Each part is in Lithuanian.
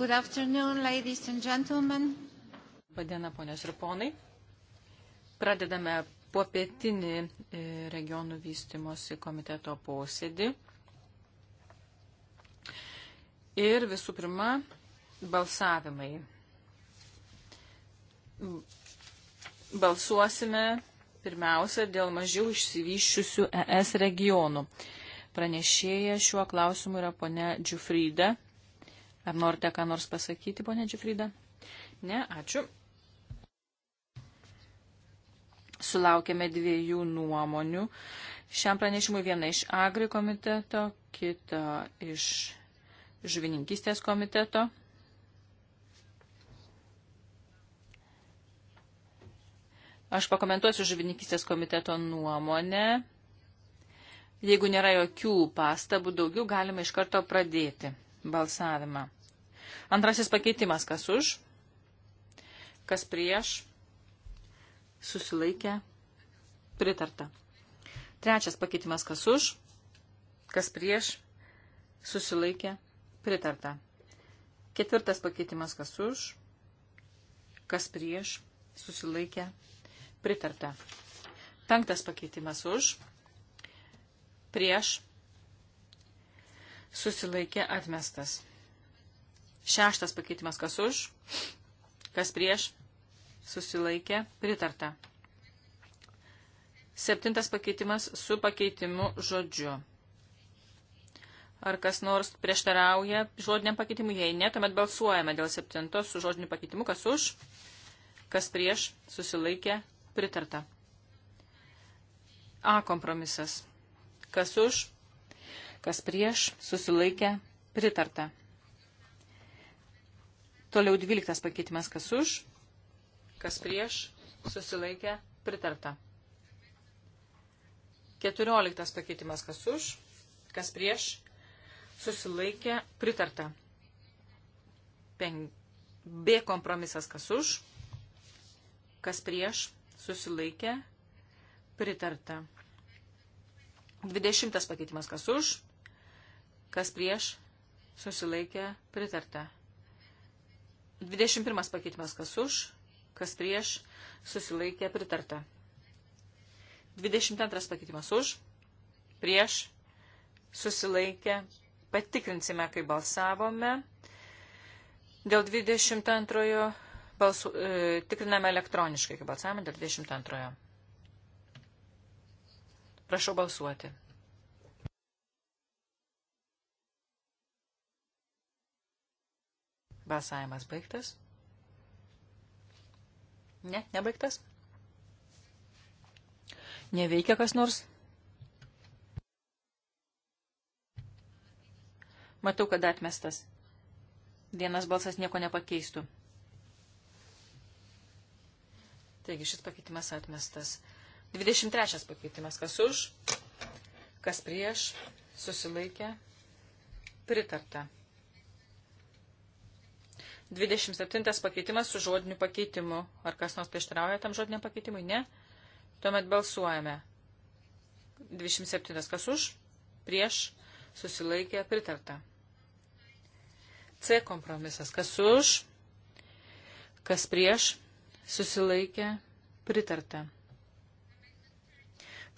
Good afternoon, ladies and gentlemen. Padiena, ponios ir ponai. Pradedame popietinį e, regionų vystimosi komiteto posėdį. Ir visų pirma, balsavimai. Balsuosime pirmiausia dėl mažiau išsivyščiusių ES regionų. Pranešėja šiuo klausimu yra ponia Džiufrida. Ar norite ką nors pasakyti, ponė Džifrida? Ne, ačiū. Sulaukėme dviejų nuomonių. Šiam pranešimui viena iš Agri komiteto, kita iš žuvininkystės komiteto. Aš pakomentuosiu žuvininkystės komiteto nuomonę. Jeigu nėra jokių pastabų, daugiau galima iš karto pradėti balsavimą. Antrasis pakeitimas, kas už, kas prieš, susilaikė, pritarta. Trečias pakeitimas, kas už, kas prieš, susilaikė, pritarta. Ketvirtas pakeitimas, kas už, kas prieš, susilaikė, pritarta. Penktas pakeitimas už, prieš, susilaikė, atmestas. Šeštas pakeitimas kas už, kas prieš, susilaikė, pritarta. Septintas pakeitimas su pakeitimu žodžiu. Ar kas nors prieštarauja žodiniam pakeitimui? Jei ne, tuomet balsuojame dėl septintos su žodiniu pakeitimu, kas už, kas prieš, susilaikė, pritarta. A kompromisas. Kas už, kas prieš, susilaikė, pritarta. Toliau 12 pakeitimas, kas už, kas prieš, susilaikė, pritarta. 14 pakeitimas, kas už, kas prieš, susilaikė, pritarta. Pen... B kompromisas, kas už, kas prieš, susilaikė, pritarta. 20 pakeitimas, kas už, kas prieš, susilaikė, pritarta. 21 pakeitimas kas už, kas prieš, susilaikė pritarta. 22 pakeitimas už, prieš, susilaikė, patikrinsime, kai balsavome. Dėl 22 balsų, e, tikriname elektroniškai, kai balsavome dėl 22. Prašau balsuoti. Balsavimas baigtas. Ne, nebaigtas. Neveikia kas nors. Matau, kad atmestas. Vienas balsas nieko nepakeistų. Taigi šis pakeitimas atmestas. 23 pakeitimas. Kas už, kas prieš, susilaikė, pritarta. 27 pakeitimas su žodiniu pakeitimu. Ar kas nors prieštarauja tam žodiniam pakeitimui? Ne. Tuomet balsuojame. 27 kas už, prieš, susilaikė, pritarta. C kompromisas. Kas už, kas prieš, susilaikė, pritarta.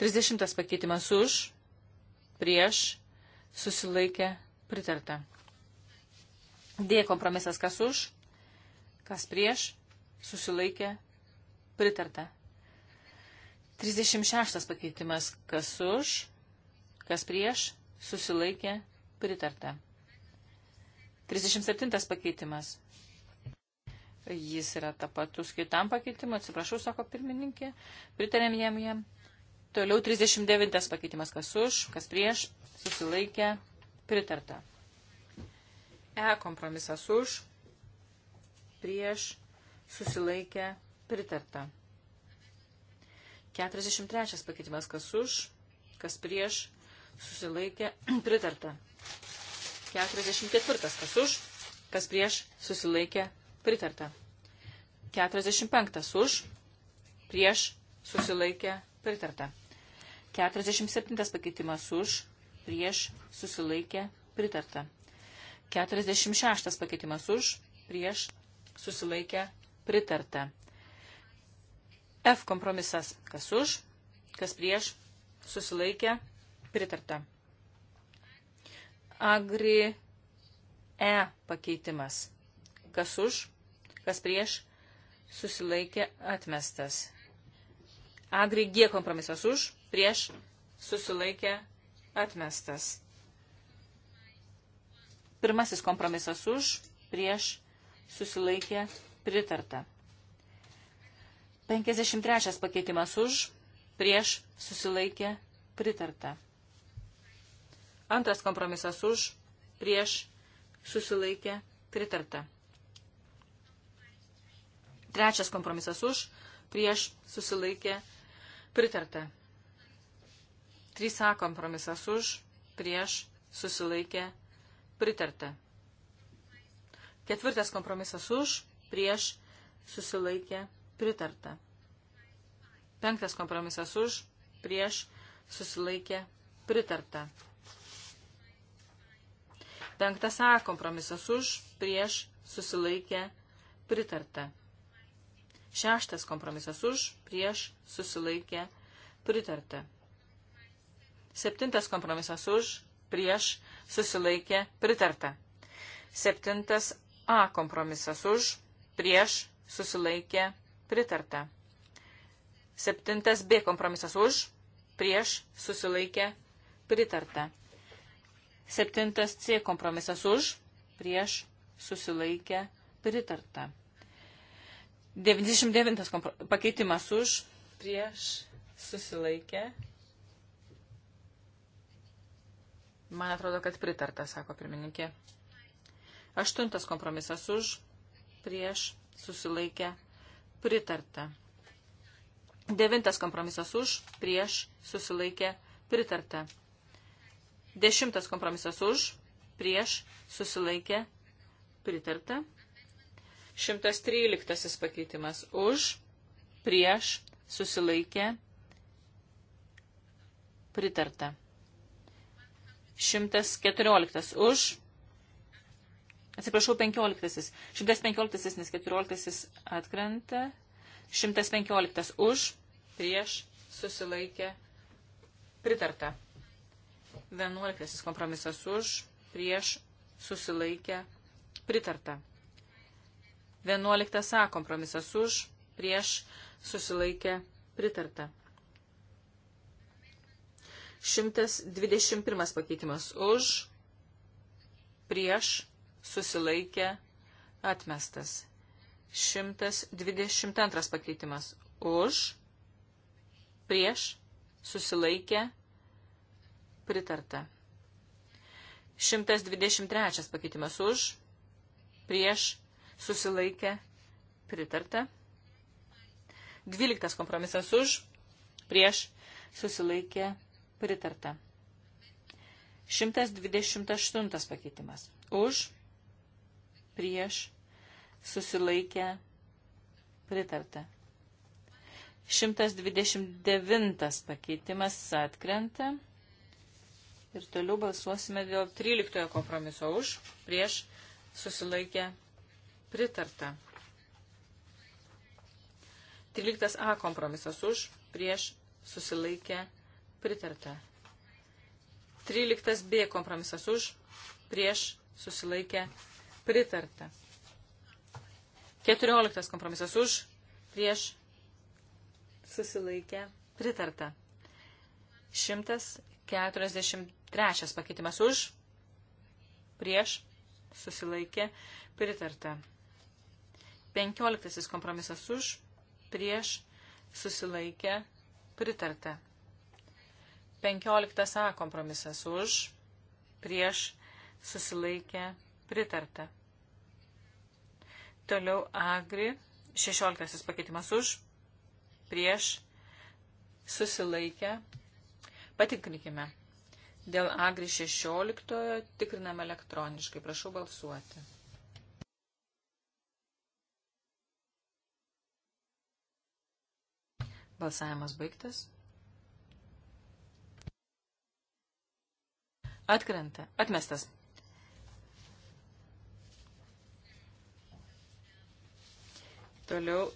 30 pakeitimas už, prieš, susilaikė, pritarta. D kompromisas kas už, kas prieš, susilaikė, pritarta. 36 pakeitimas kas už, kas prieš, susilaikė, pritarta. 37 pakeitimas. Jis yra tapatus kitam pakeitimui, atsiprašau, sako pirmininkė, pritarėm jam jam. Toliau 39 pakeitimas kas už, kas prieš, susilaikė, pritarta. E kompromisas už, prieš, susilaikė, pritarta. 43 pakeitimas kas už, kas prieš, susilaikė, pritarta. 44 kas už, kas prieš, susilaikė, pritarta. 45 už, prieš, susilaikė, pritarta. 47 pakeitimas už, prieš, susilaikė, pritarta. 46 pakeitimas už, prieš, susilaikę, pritarta. F kompromisas, kas už, kas prieš, susilaikę, pritarta. Agri E pakeitimas, kas už, kas prieš, susilaikė, atmestas. Agri G kompromisas už, prieš, susilaikė, atmestas. Pirmasis kompromisas už, prieš, susilaikė, pritarta. 53 pakeitimas už, prieš, susilaikė, pritarta. Antras kompromisas už, prieš, susilaikė, pritarta. Trečias kompromisas už, prieš, susilaikė, pritarta. 3A kompromisas už, prieš, susilaikė, pritarta. Pritarta. Ketvirtas kompromisas už, prieš, susilaikė, pritarta. Penktas kompromisas už, prieš, susilaikė, pritarta. Penktas A kompromisas už, prieš, susilaikė, pritarta. Šeštas kompromisas už, prieš, susilaikė, pritarta. Septintas kompromisas už, prieš, susilaikė, pritarta. Septintas A kompromisas už, prieš, susilaikė, pritarta. Septintas B kompromisas už, prieš, susilaikė, pritarta. Septintas C kompromisas už, prieš, susilaikė, pritarta. 99 pakeitimas už, prieš, susilaikė, pritarta Man atrodo, kad pritarta, sako pirmininkė. Aštuntas kompromisas už, prieš, susilaikę, pritarta. Devintas kompromisas už, prieš, susilaikė, pritarta. Dešimtas kompromisas už, prieš, susilaikė, pritarta. Šimtas tryliktasis pakeitimas už, prieš, susilaikė, pritarta. 114 už. Atsiprašau, 15. 115, nes 14 atkrenta. 115 už, prieš, susilaikė, pritarta. 11 kompromisas už, prieš, susilaikė, pritarta. 11 A kompromisas už, prieš, susilaikė, pritarta. 121 pakeitimas už, prieš, susilaikė, atmestas. 122 pakeitimas už, prieš, susilaikė, pritarta. 123 pakeitimas už, prieš, susilaikė, pritarta. 12 kompromisas už, prieš, susilaikė, pritarta Pritarta. 128 pakeitimas. Už, prieš, susilaikę, pritarta. 129 pakeitimas atkrenta. Ir toliau balsuosime dėl 13 kompromiso už, prieš, susilaikę, pritarta. 13a kompromisas už, prieš, susilaikę, pritarta. Pritarta. 13 B kompromisas už, prieš, susilaikė, pritarta. 14 kompromisas už, prieš, susilaikė, pritarta. 143 pakeitimas už, prieš, susilaikė, pritarta. 15 kompromisas už, prieš, susilaikė, pritarta. 15a kompromisas už, prieš, susilaikė, pritarta. Toliau agri, 16 pakeitimas už, prieš, susilaikę. Patikrinkime. Dėl agri 16 tikriname elektroniškai. Prašau balsuoti. Balsavimas baigtas. Atkrenta. Atmestas. Toliau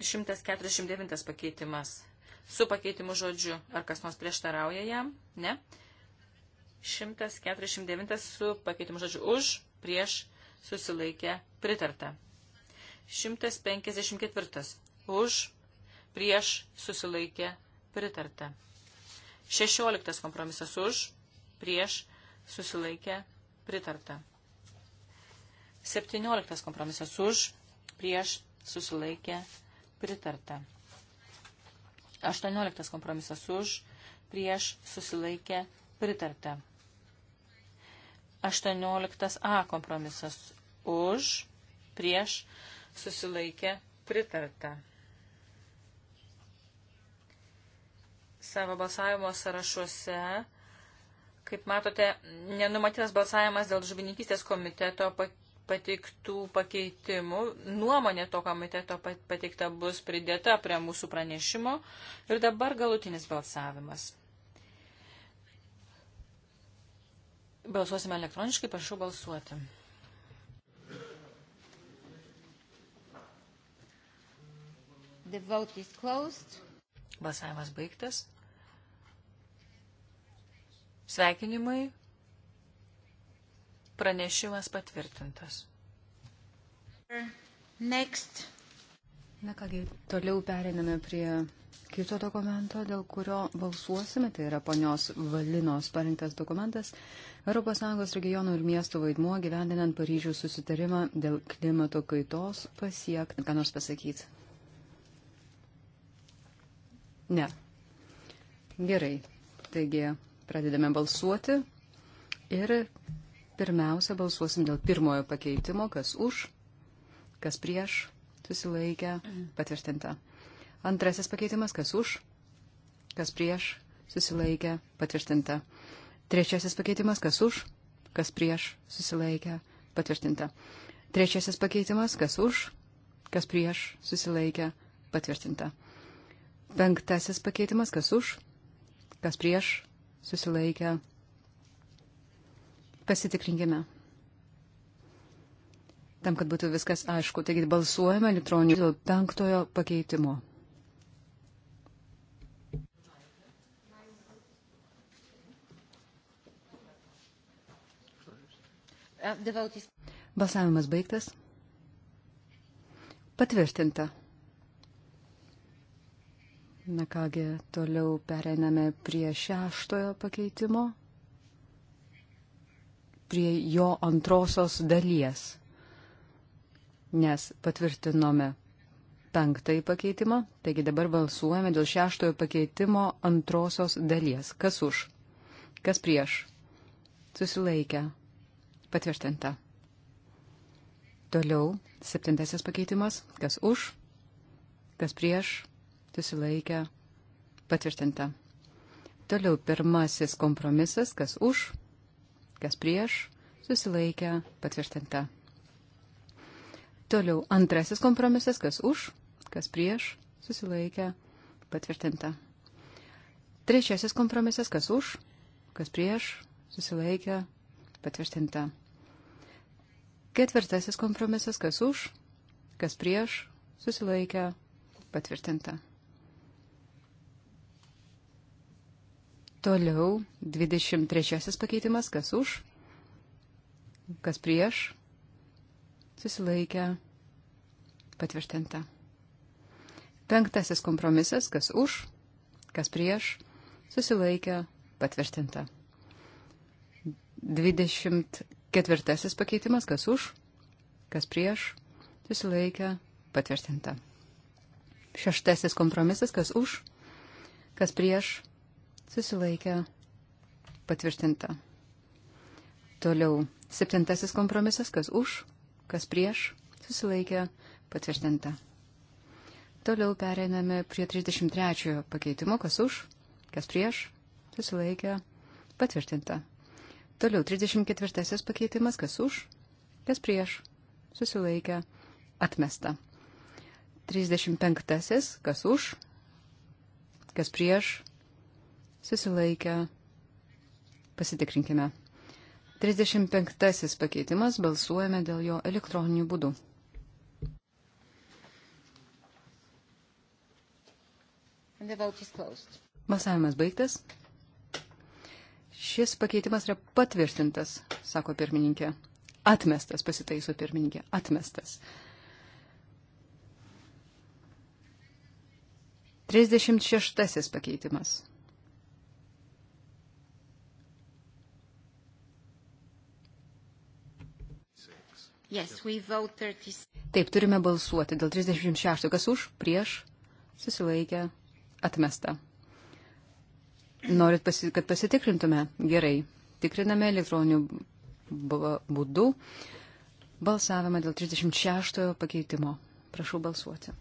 149 pakeitimas. Su pakeitimu žodžiu. Ar kas nors prieštarauja jam? Ne. 149 su pakeitimu žodžiu už, prieš, susilaikė, pritarta. 154 už, prieš, susilaikė, pritarta. 16 kompromisas už, prieš, susilaikė, pritarta. 17 kompromisas už, prieš, susilaikė, pritarta. 18 kompromisas už, prieš, susilaikė, pritarta. 18a kompromisas už, prieš, susilaikė, pritarta. Savo balsavimo sąrašuose Kaip matote, nenumatytas balsavimas dėl žuvininkystės komiteto pateiktų pakeitimų. Nuomonė to komiteto pateikta bus pridėta prie mūsų pranešimo. Ir dabar galutinis balsavimas. Balsuosime elektroniškai, prašau balsuoti. The vote is closed. Balsavimas baigtas. Sveikinimai. Pranešimas patvirtintas. Next. Na kągi, toliau periname prie kito dokumento, dėl kurio balsuosime. Tai yra ponios Valinos parinktas dokumentas ES regionų ir miestų vaidmuo gyvendinant Paryžių susitarimą dėl klimato kaitos pasiekti. Ką nors pasakyti? Ne. Gerai. Taigi, Pradedame balsuoti ir pirmiausia balsuosim dėl pirmojo pakeitimo, kas už, kas prieš, susilaikę, patvirtinta. Antrasis pakeitimas, kas už, kas prieš, susilaikę, patvirtinta. Trečiasis pakeitimas, kas už, kas prieš, susilaikę, patvirtinta. Trečiasis pakeitimas, kas už, kas prieš, susilaikę, patvirtinta. Penktasis pakeitimas, kas už, kas prieš, susilaikę. Pasitikrinkime. Tam, kad būtų viskas aišku. Taigi balsuojame elektroniniu dėl penktojo pakeitimo. Uh, Balsavimas baigtas. Patvirtinta. Na kągi, toliau pereiname prie šeštojo pakeitimo, prie jo antrosios dalies, nes patvirtinome penktąjį pakeitimą, taigi dabar balsuojame dėl šeštojo pakeitimo antrosios dalies. Kas už? Kas prieš? Susilaikę. Patvirtinta. Toliau septintasis pakeitimas. Kas už? Kas prieš? susilaikę, patvirtinta. Toliau pirmasis kompromisas, kas už, kas prieš, susilaikę, patvirtinta. Toliau antrasis kompromisas, kas už, kas prieš, susilaikę, patvirtinta. Trečiasis kompromisas, kas už, kas prieš, susilaikę, patvirtinta. Ketvirtasis kompromisas, kas už, kas prieš, susilaikę, patvirtinta. Toliau 23 pakeitimas, kas už, kas prieš, susilaikę, patvirtinta. Penktasis kompromisas, kas už, kas prieš, susilaikę, patvirtinta. 24 pakeitimas, kas už, kas prieš, susilaikę, patvirtinta. Šeštasis kompromisas, kas už, kas prieš, susilaikė patvirtinta. Toliau septintasis kompromisas, kas už, kas prieš, susilaikė patvirtinta. Toliau pereiname prie 33 pakeitimo, kas už, kas prieš, susilaikė patvirtinta. Toliau 34 pakeitimas, kas už, kas prieš, susilaikė atmesta. 35 kas už, kas prieš, susilaikę. Pasitikrinkime. 35 pakeitimas balsuojame dėl jo elektroninių būdų. Balsavimas baigtas. Šis pakeitimas yra patvirtintas, sako pirmininkė. Atmestas, pasitaiso pirmininkė. Atmestas. 36 pakeitimas. Yes, Taip, turime balsuoti dėl 36. Kas už, prieš, susilaikę, atmesta. Norit, pasi, kad pasitikrintume? Gerai. Tikriname elektroniniu būdu balsavimą dėl 36 pakeitimo. Prašau balsuoti.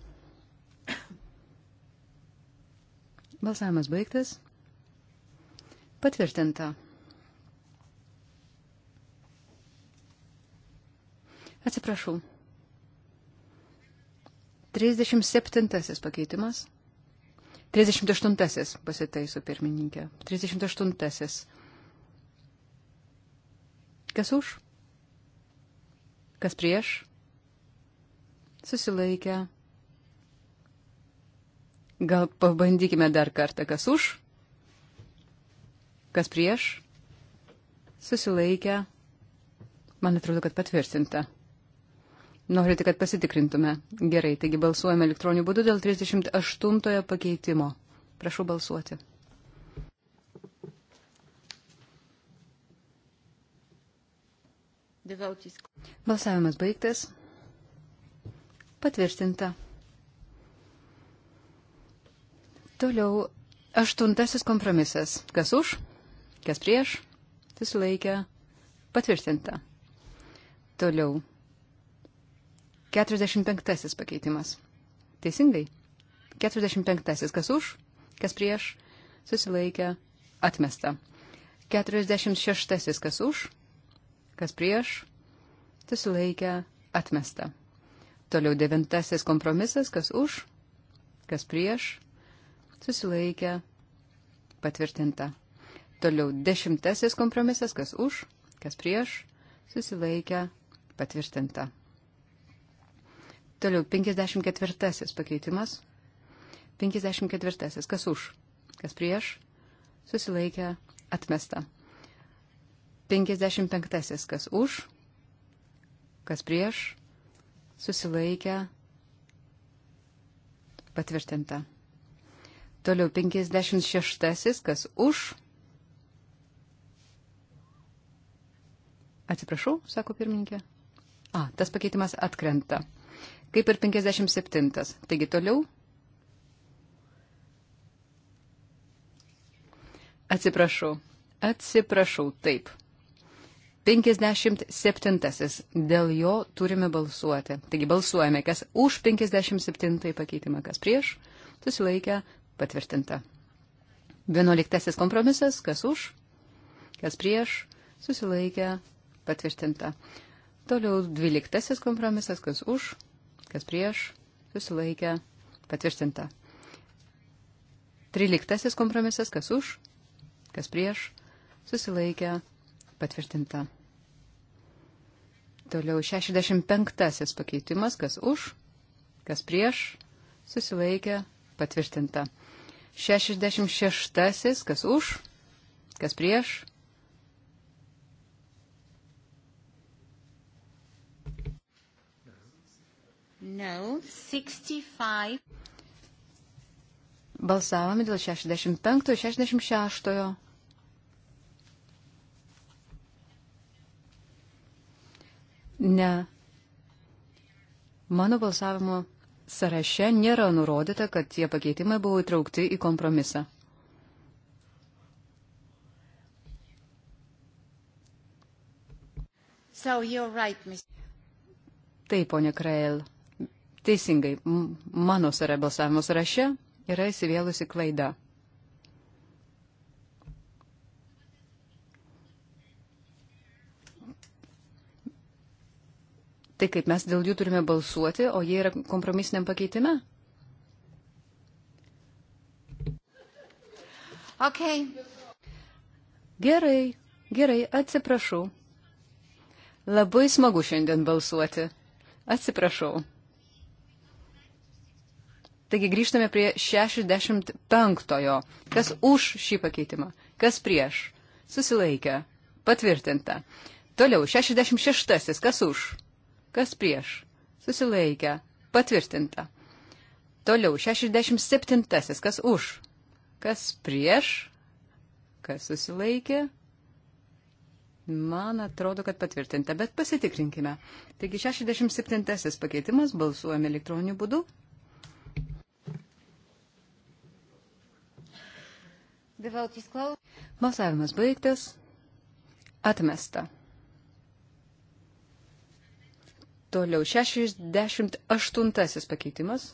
Balsavimas baigtas. Patvirtinta. Atsiprašau. 37 pakeitimas. 38 pasitaiso pirmininkė. 38. Kas už? Kas prieš? Susilaikę. Gal pabandykime dar kartą, kas už? Kas prieš? Susilaikę. Man atrodo, kad patvirtinta. Norite, kad pasitikrintume. Gerai, taigi balsuojame elektroniniu būdu dėl 38 pakeitimo. Prašau balsuoti. Balsavimas baigtas. Patvirtinta. Toliau aštuntasis kompromisas. Kas už, kas prieš, susilaikė. Patvirtinta. Toliau 45 pakeitimas. Teisingai? 45. Kas už, kas prieš, susilaikė, atmesta. 46. Kas už, kas prieš, susilaikė, atmesta. Toliau devintasis kompromisas, kas už, kas prieš, susilaikė, patvirtinta. Toliau dešimtasis kompromisas, kas už, kas prieš, susilaikė, patvirtinta. Toliau, 54 pakeitimas. 54. Kas už? Kas prieš? Susilaikė atmesta. 55. Kas už? Kas prieš? Susilaikė patvirtinta. Toliau 56. Kas už? Atsiprašau, sako pirmininkė. A, tas pakeitimas atkrenta kaip ir 57. Taigi toliau. Atsiprašau, atsiprašau, taip. 57. Dėl jo turime balsuoti. Taigi balsuojame, kas už 57 pakeitimą, kas prieš, susilaikę, patvirtinta. 11. kompromisas, kas už, kas prieš, susilaikę, patvirtinta. Toliau 12. kompromisas, kas už, kas prieš, susilaikę, patvirtinta. Tryliktasis kompromisas, kas už, kas prieš, susilaikę, patvirtinta. Toliau 65 pakeitimas, kas už, kas prieš, susilaikė, patvirtinta. 66 kas už, kas prieš, No, 65. Balsavome dėl 65 ir 66. Ne. Mano balsavimo sąraše nėra nurodyta, kad tie pakeitimai buvo įtraukti į kompromisą. So right, Taip, ponė Krail. Teisingai, mano sara balsavimo sąraše yra įsivėlusi klaida. Tai kaip mes dėl jų turime balsuoti, o jie yra kompromisiniam pakeitime? Okay. Gerai, gerai, atsiprašau. Labai smagu šiandien balsuoti. Atsiprašau. Taigi grįžtame prie 65-ojo. Kas už šį pakeitimą? Kas prieš? Susilaikė. Patvirtinta. Toliau 66-asis. Kas už? Kas prieš? Susilaikė. Patvirtinta. Toliau 67-asis. Kas už? Kas prieš? Kas susilaikė? Man atrodo, kad patvirtinta, bet pasitikrinkime. Taigi 67-asis pakeitimas balsuojame elektroniniu būdu. Balsavimas baigtas. Atmesta. Toliau 68 pakeitimas.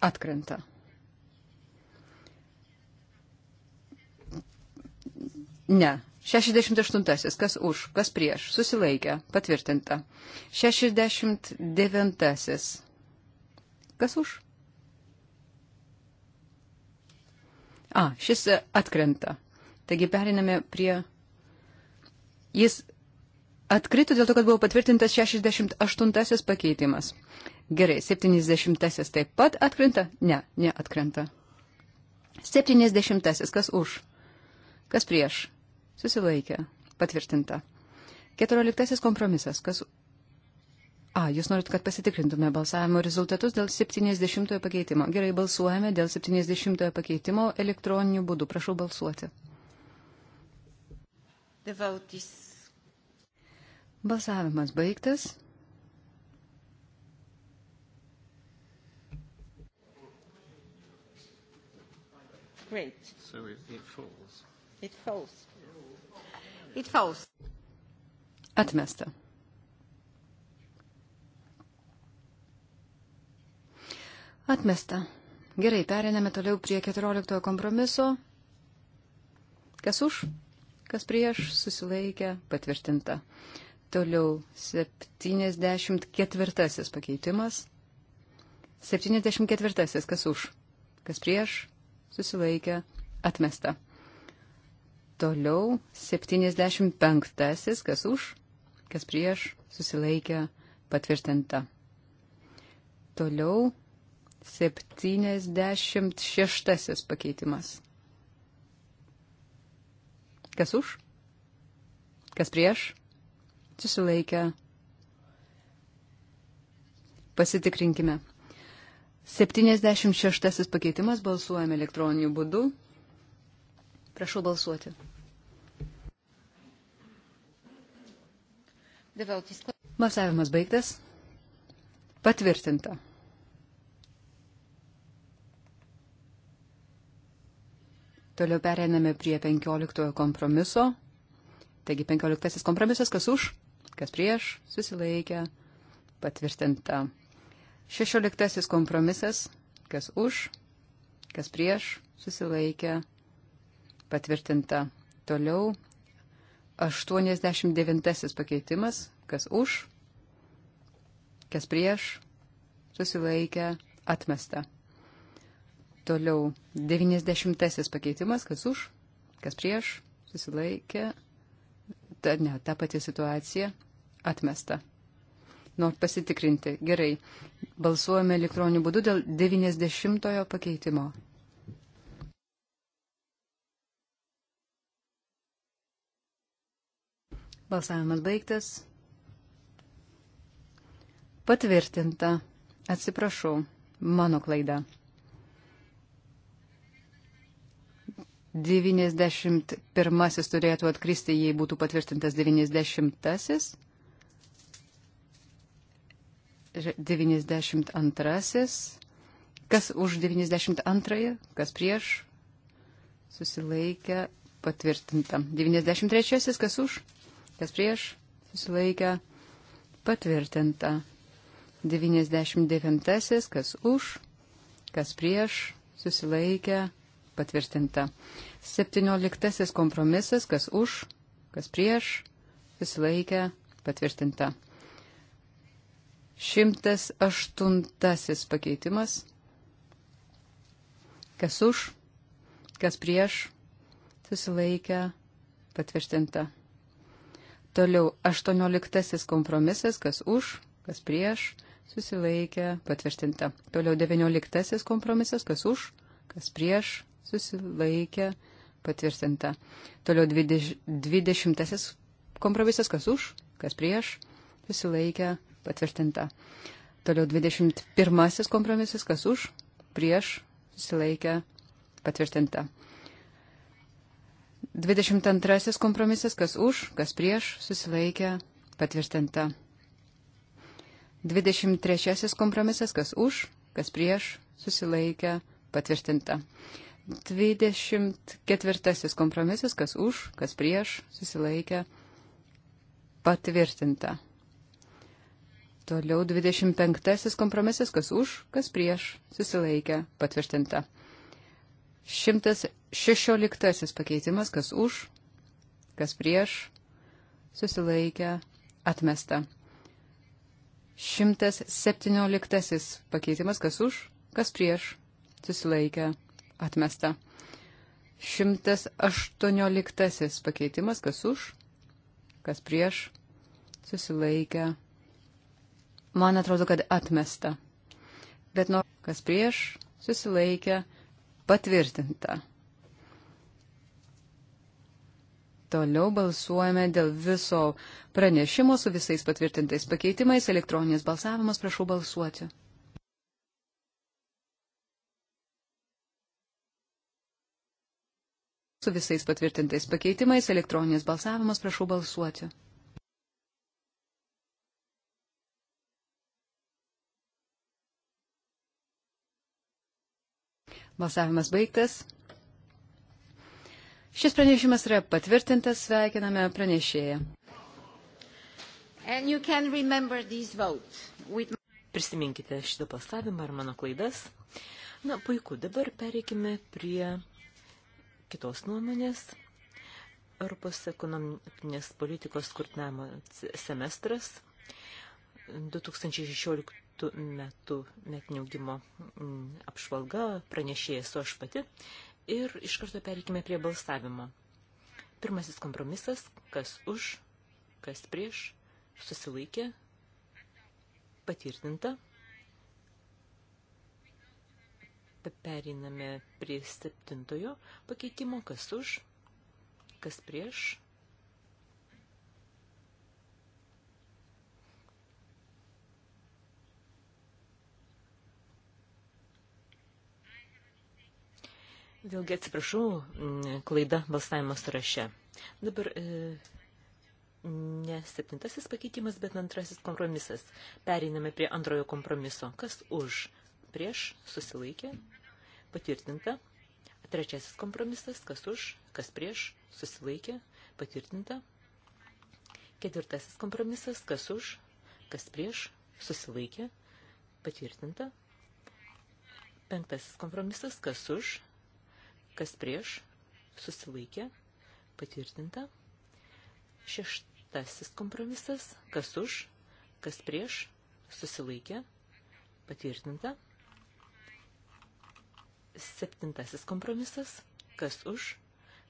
Atkrenta. Ne. 68. Kas už, kas prieš. Susilaikė. Patvirtinta. 69. Kas už? A, šis e, atkrenta. Taigi periname prie. Jis atkrito dėl to, kad buvo patvirtintas 68 pakeitimas. Gerai, 70 taip pat atkrenta? Ne, neatkrenta. 70 kas už? Kas prieš? Susilaikė. Patvirtinta. 14 kompromisas. Kas A, jūs norit, kad pasitikrintume balsavimo rezultatus dėl 70 pakeitimo. Gerai, balsuojame dėl 70 pakeitimo elektroniniu būdu. Prašau balsuoti. Balsavimas baigtas. Great. So it, it falls. It falls. It falls. Atmesta. Atmesta. Gerai, periname toliau prie 14 kompromiso. Kas už, kas prieš, susilaikė, patvirtinta. Toliau 74 pakeitimas. 74 kas už, kas prieš, susilaikė, atmesta. Toliau 75 kas už, kas prieš, susilaikė, patvirtinta. Toliau 76 pakeitimas. Kas už? Kas prieš? Susilaikę. Pasitikrinkime. 76 pakeitimas balsuojame elektroniniu būdu. Prašau balsuoti. Balsavimas baigtas. Patvirtinta. Toliau pereiname prie 15 kompromiso. Taigi 15 kompromisas, kas už, kas prieš, susilaikė, patvirtinta. 16 kompromisas, kas už, kas prieš, susilaikė, patvirtinta. Toliau 89 pakeitimas, kas už, kas prieš, susilaikė, atmesta. Toliau 90 pakeitimas, kas už, kas prieš, susilaikė. Ta, ne, ta pati situacija atmesta. Noriu pasitikrinti. Gerai. Balsuojame elektroniniu būdu dėl 90 pakeitimo. Balsavimas baigtas. Patvirtinta. Atsiprašau. Mano klaida. 91 turėtų atkristi, jei būtų patvirtintas 90. 92. Kas už 92, kas prieš, susilaikė patvirtinta. 93. Kas už, kas prieš, susilaikė patvirtinta. 99. Kas už, kas prieš, susilaikė patvirtinta patvirtinta. 17 kompromisas, kas už, kas prieš, susilaikė, patvirtinta. 108 pakeitimas, kas už, kas prieš, susilaikė, patvirtinta. Toliau 18 kompromisas, kas už, kas prieš, susilaikė, patvirtinta. Toliau 19 kompromisas, kas už, kas prieš, susilaikė, patvirtinta. Toliau 20 kompromisas, kas už, kas prieš, susilaikė, patvirtinta. Toliau 21 kompromisas, kas už, prieš, susilaikė, patvirtinta. 22 kompromisas, kas už, kas prieš, susilaikė, patvirtinta. 23 kompromisas, kas už, kas prieš, susilaikė, patvirtinta. 24 kompromisas, kas už, kas prieš, susilaikė, patvirtinta. Toliau 25 kompromisas, kas už, kas prieš, susilaikė, patvirtinta. 116 pakeitimas, kas už, kas prieš, susilaikė, atmesta. 117 pakeitimas, kas už, kas prieš, susilaikė, Atmesta. 118 pakeitimas, kas už, kas prieš, susilaikę. Man atrodo, kad atmesta. Bet nuo kas prieš, susilaikę, patvirtinta. Toliau balsuojame dėl viso pranešimo su visais patvirtintais pakeitimais. Elektroninis balsavimas, prašau balsuoti. su visais patvirtintais pakeitimais. Elektroninis balsavimas, prašau balsuoti. Balsavimas baigtas. Šis pranešimas yra patvirtintas, sveikiname pranešėją. With... Prisiminkite šitą balsavimą ar mano klaidas. Na, puiku, dabar pereikime prie kitos nuomonės. Europos ekonominės politikos skurtinamo semestras 2016 metų metinio augimo mm, apžvalga pranešėjęs su aš pati ir iš karto pereikime prie balsavimo. Pirmasis kompromisas, kas už, kas prieš, susilaikė, patvirtinta. Periname prie septintojo pakeitimo, kas už, kas prieš. Vėlgi atsiprašau, mm, klaida balsavimo sąraše. Dabar e, ne septintasis pakeitimas, bet antrasis kompromisas. Pereiname prie antrojo kompromiso. Kas už? Prieš susilaikė? patvirtinta. Trečiasis kompromisas, kas už, kas prieš, susilaikė, patvirtinta. Ketvirtasis kompromisas, kas už, kas prieš, susilaikė, patvirtinta. Penktasis kompromisas, kas už, kas prieš, susilaikė, patvirtinta. Šeštasis kompromisas, kas už, kas prieš, susilaikė, patvirtinta. Septintasis kompromisas. Kas už,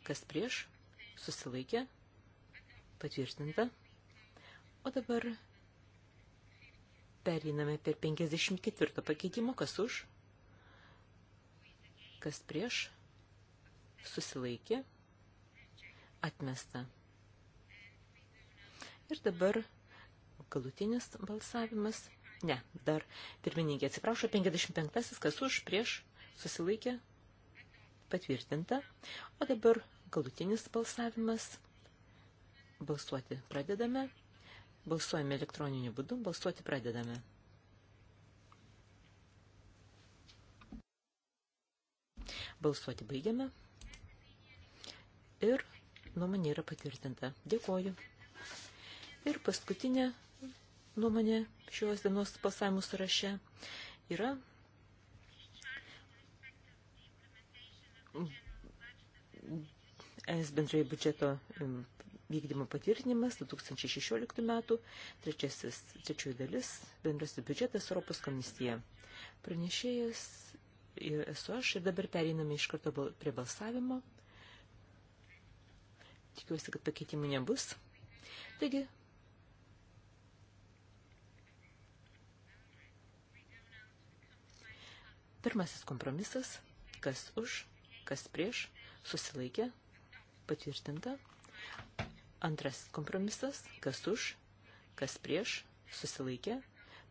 kas prieš, susilaikė, patvirtinta. O dabar periname per 54 pakeitimo. Kas už, kas prieš, susilaikė, atmesta. Ir dabar galutinis balsavimas. Ne, dar pirmininkė atsiprašo, 55-asis, kas už, prieš, susilaikė, patvirtinta. O dabar galutinis balsavimas. Balsuoti pradedame. Balsuojame elektroniniu būdu, balsuoti pradedame. Balsuoti baigiame. Ir nuomonė yra patvirtinta. Dėkoju. Ir paskutinė nuomonė šios dienos pasavimų sąraše yra es bendrai biudžeto vykdymo patvirtinimas 2016 metų, trečiasis, trečioji dalis, bendrasis biudžetas Europos komisija. Pranešėjas ir esu aš ir dabar pereiname iš karto prie balsavimo. Tikiuosi, kad pakeitimų nebus. Taigi, pirmasis kompromisas, kas už kas prieš, susilaikė, patvirtinta. Antras kompromisas, kas už, kas prieš, susilaikė,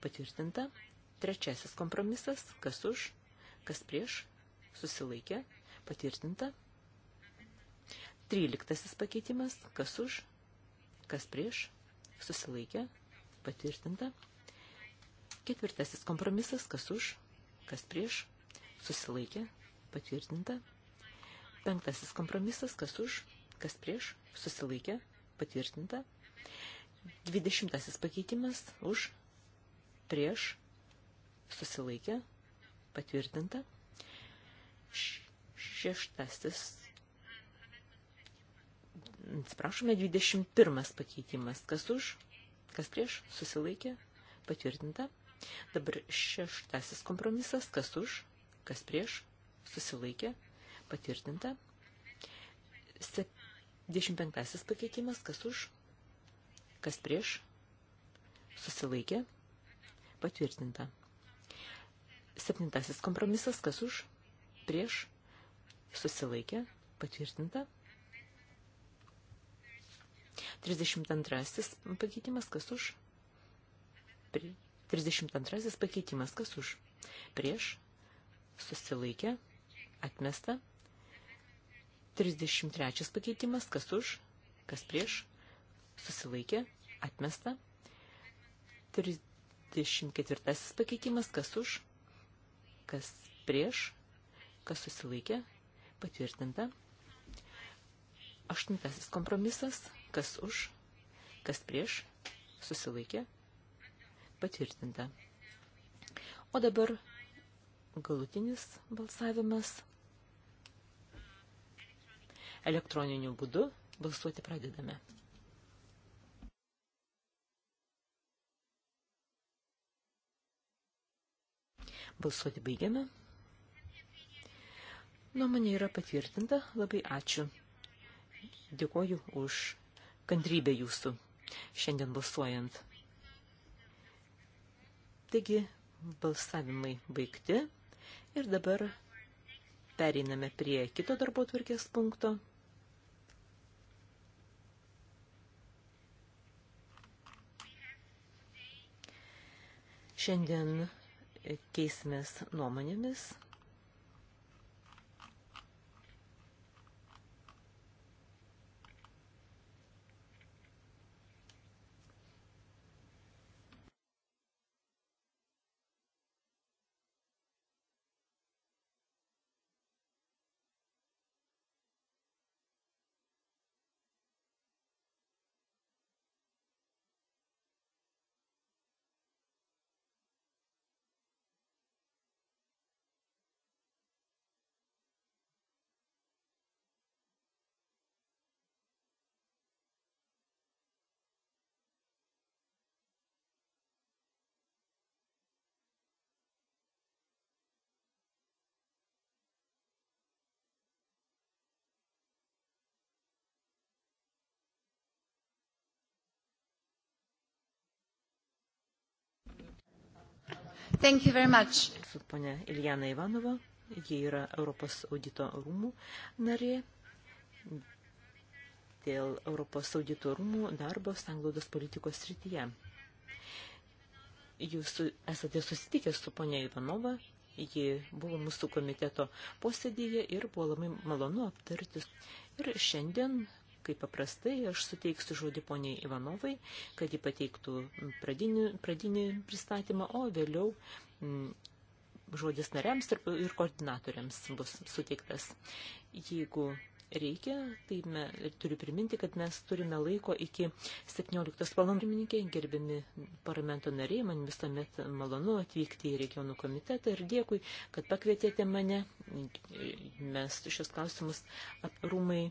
patvirtinta. Trečiasis kompromisas, kas už, kas prieš, susilaikė, patvirtinta. Tryliktasis pakeitimas, kas už, kas prieš, susilaikė, patvirtinta. Ketvirtasis kompromisas, kas už, kas prieš, susilaikė, patvirtinta. Penktasis kompromisas, kas už, kas prieš, susilaikė, patvirtinta. Dvidešimtasis pakeitimas, už, prieš, susilaikė, patvirtinta. Šeštasis, atsiprašome, dvidešimt pirmas pakeitimas, kas už, kas prieš, susilaikė, patvirtinta. Dabar šeštasis kompromisas, kas už, kas prieš, susilaikė, patvirtinta patvirtinta. 75 pakeitimas, kas už, kas prieš, susilaikė, patvirtinta. 7 kompromisas, kas už, prieš, susilaikė, patvirtinta. 32 pakeitimas, kas už, prie, 32 pakeitimas, kas už, prieš, susilaikė, atmesta. 33 pakeitimas, kas už, kas prieš, susilaikė, atmesta. 34 pakeitimas, kas už, kas prieš, kas susilaikė, patvirtinta. 8 kompromisas, kas už, kas prieš, susilaikė, patvirtinta. O dabar galutinis balsavimas elektroniniu būdu. Balsuoti pradedame. Balsuoti baigiame. Nuomonė yra patvirtinta. Labai ačiū. Dėkoju už kantrybę jūsų šiandien balsuojant. Taigi, balsavimai baigti ir dabar pereiname prie kito darbo tvarkės punkto. Šiandien keismės nuomonėmis Thank you very much. Su ponia Iljana Ivanova, ji yra Europos audito rūmų narė. Dėl Europos audito rūmų darbo sanglaudos politikos srityje. Jūs esate susitikę su ponia Ivanova, ji buvo mūsų komiteto posėdėje ir buvo labai malonu aptarti. Ir šiandien Kaip paprastai, aš suteiksiu žodį poniai Ivanovai, kad ji pateiktų pradinį, pradinį pristatymą, o vėliau m, mm, žodis nariams ir, ir koordinatoriams bus suteiktas. Jeigu reikia, tai me, turiu priminti, kad mes turime laiko iki 17 valandų. Pirmininkė, gerbiami parlamento nariai, man visuomet malonu atvykti į regionų komitetą ir dėkui, kad pakvietėte mane. Mes šios klausimus rūmai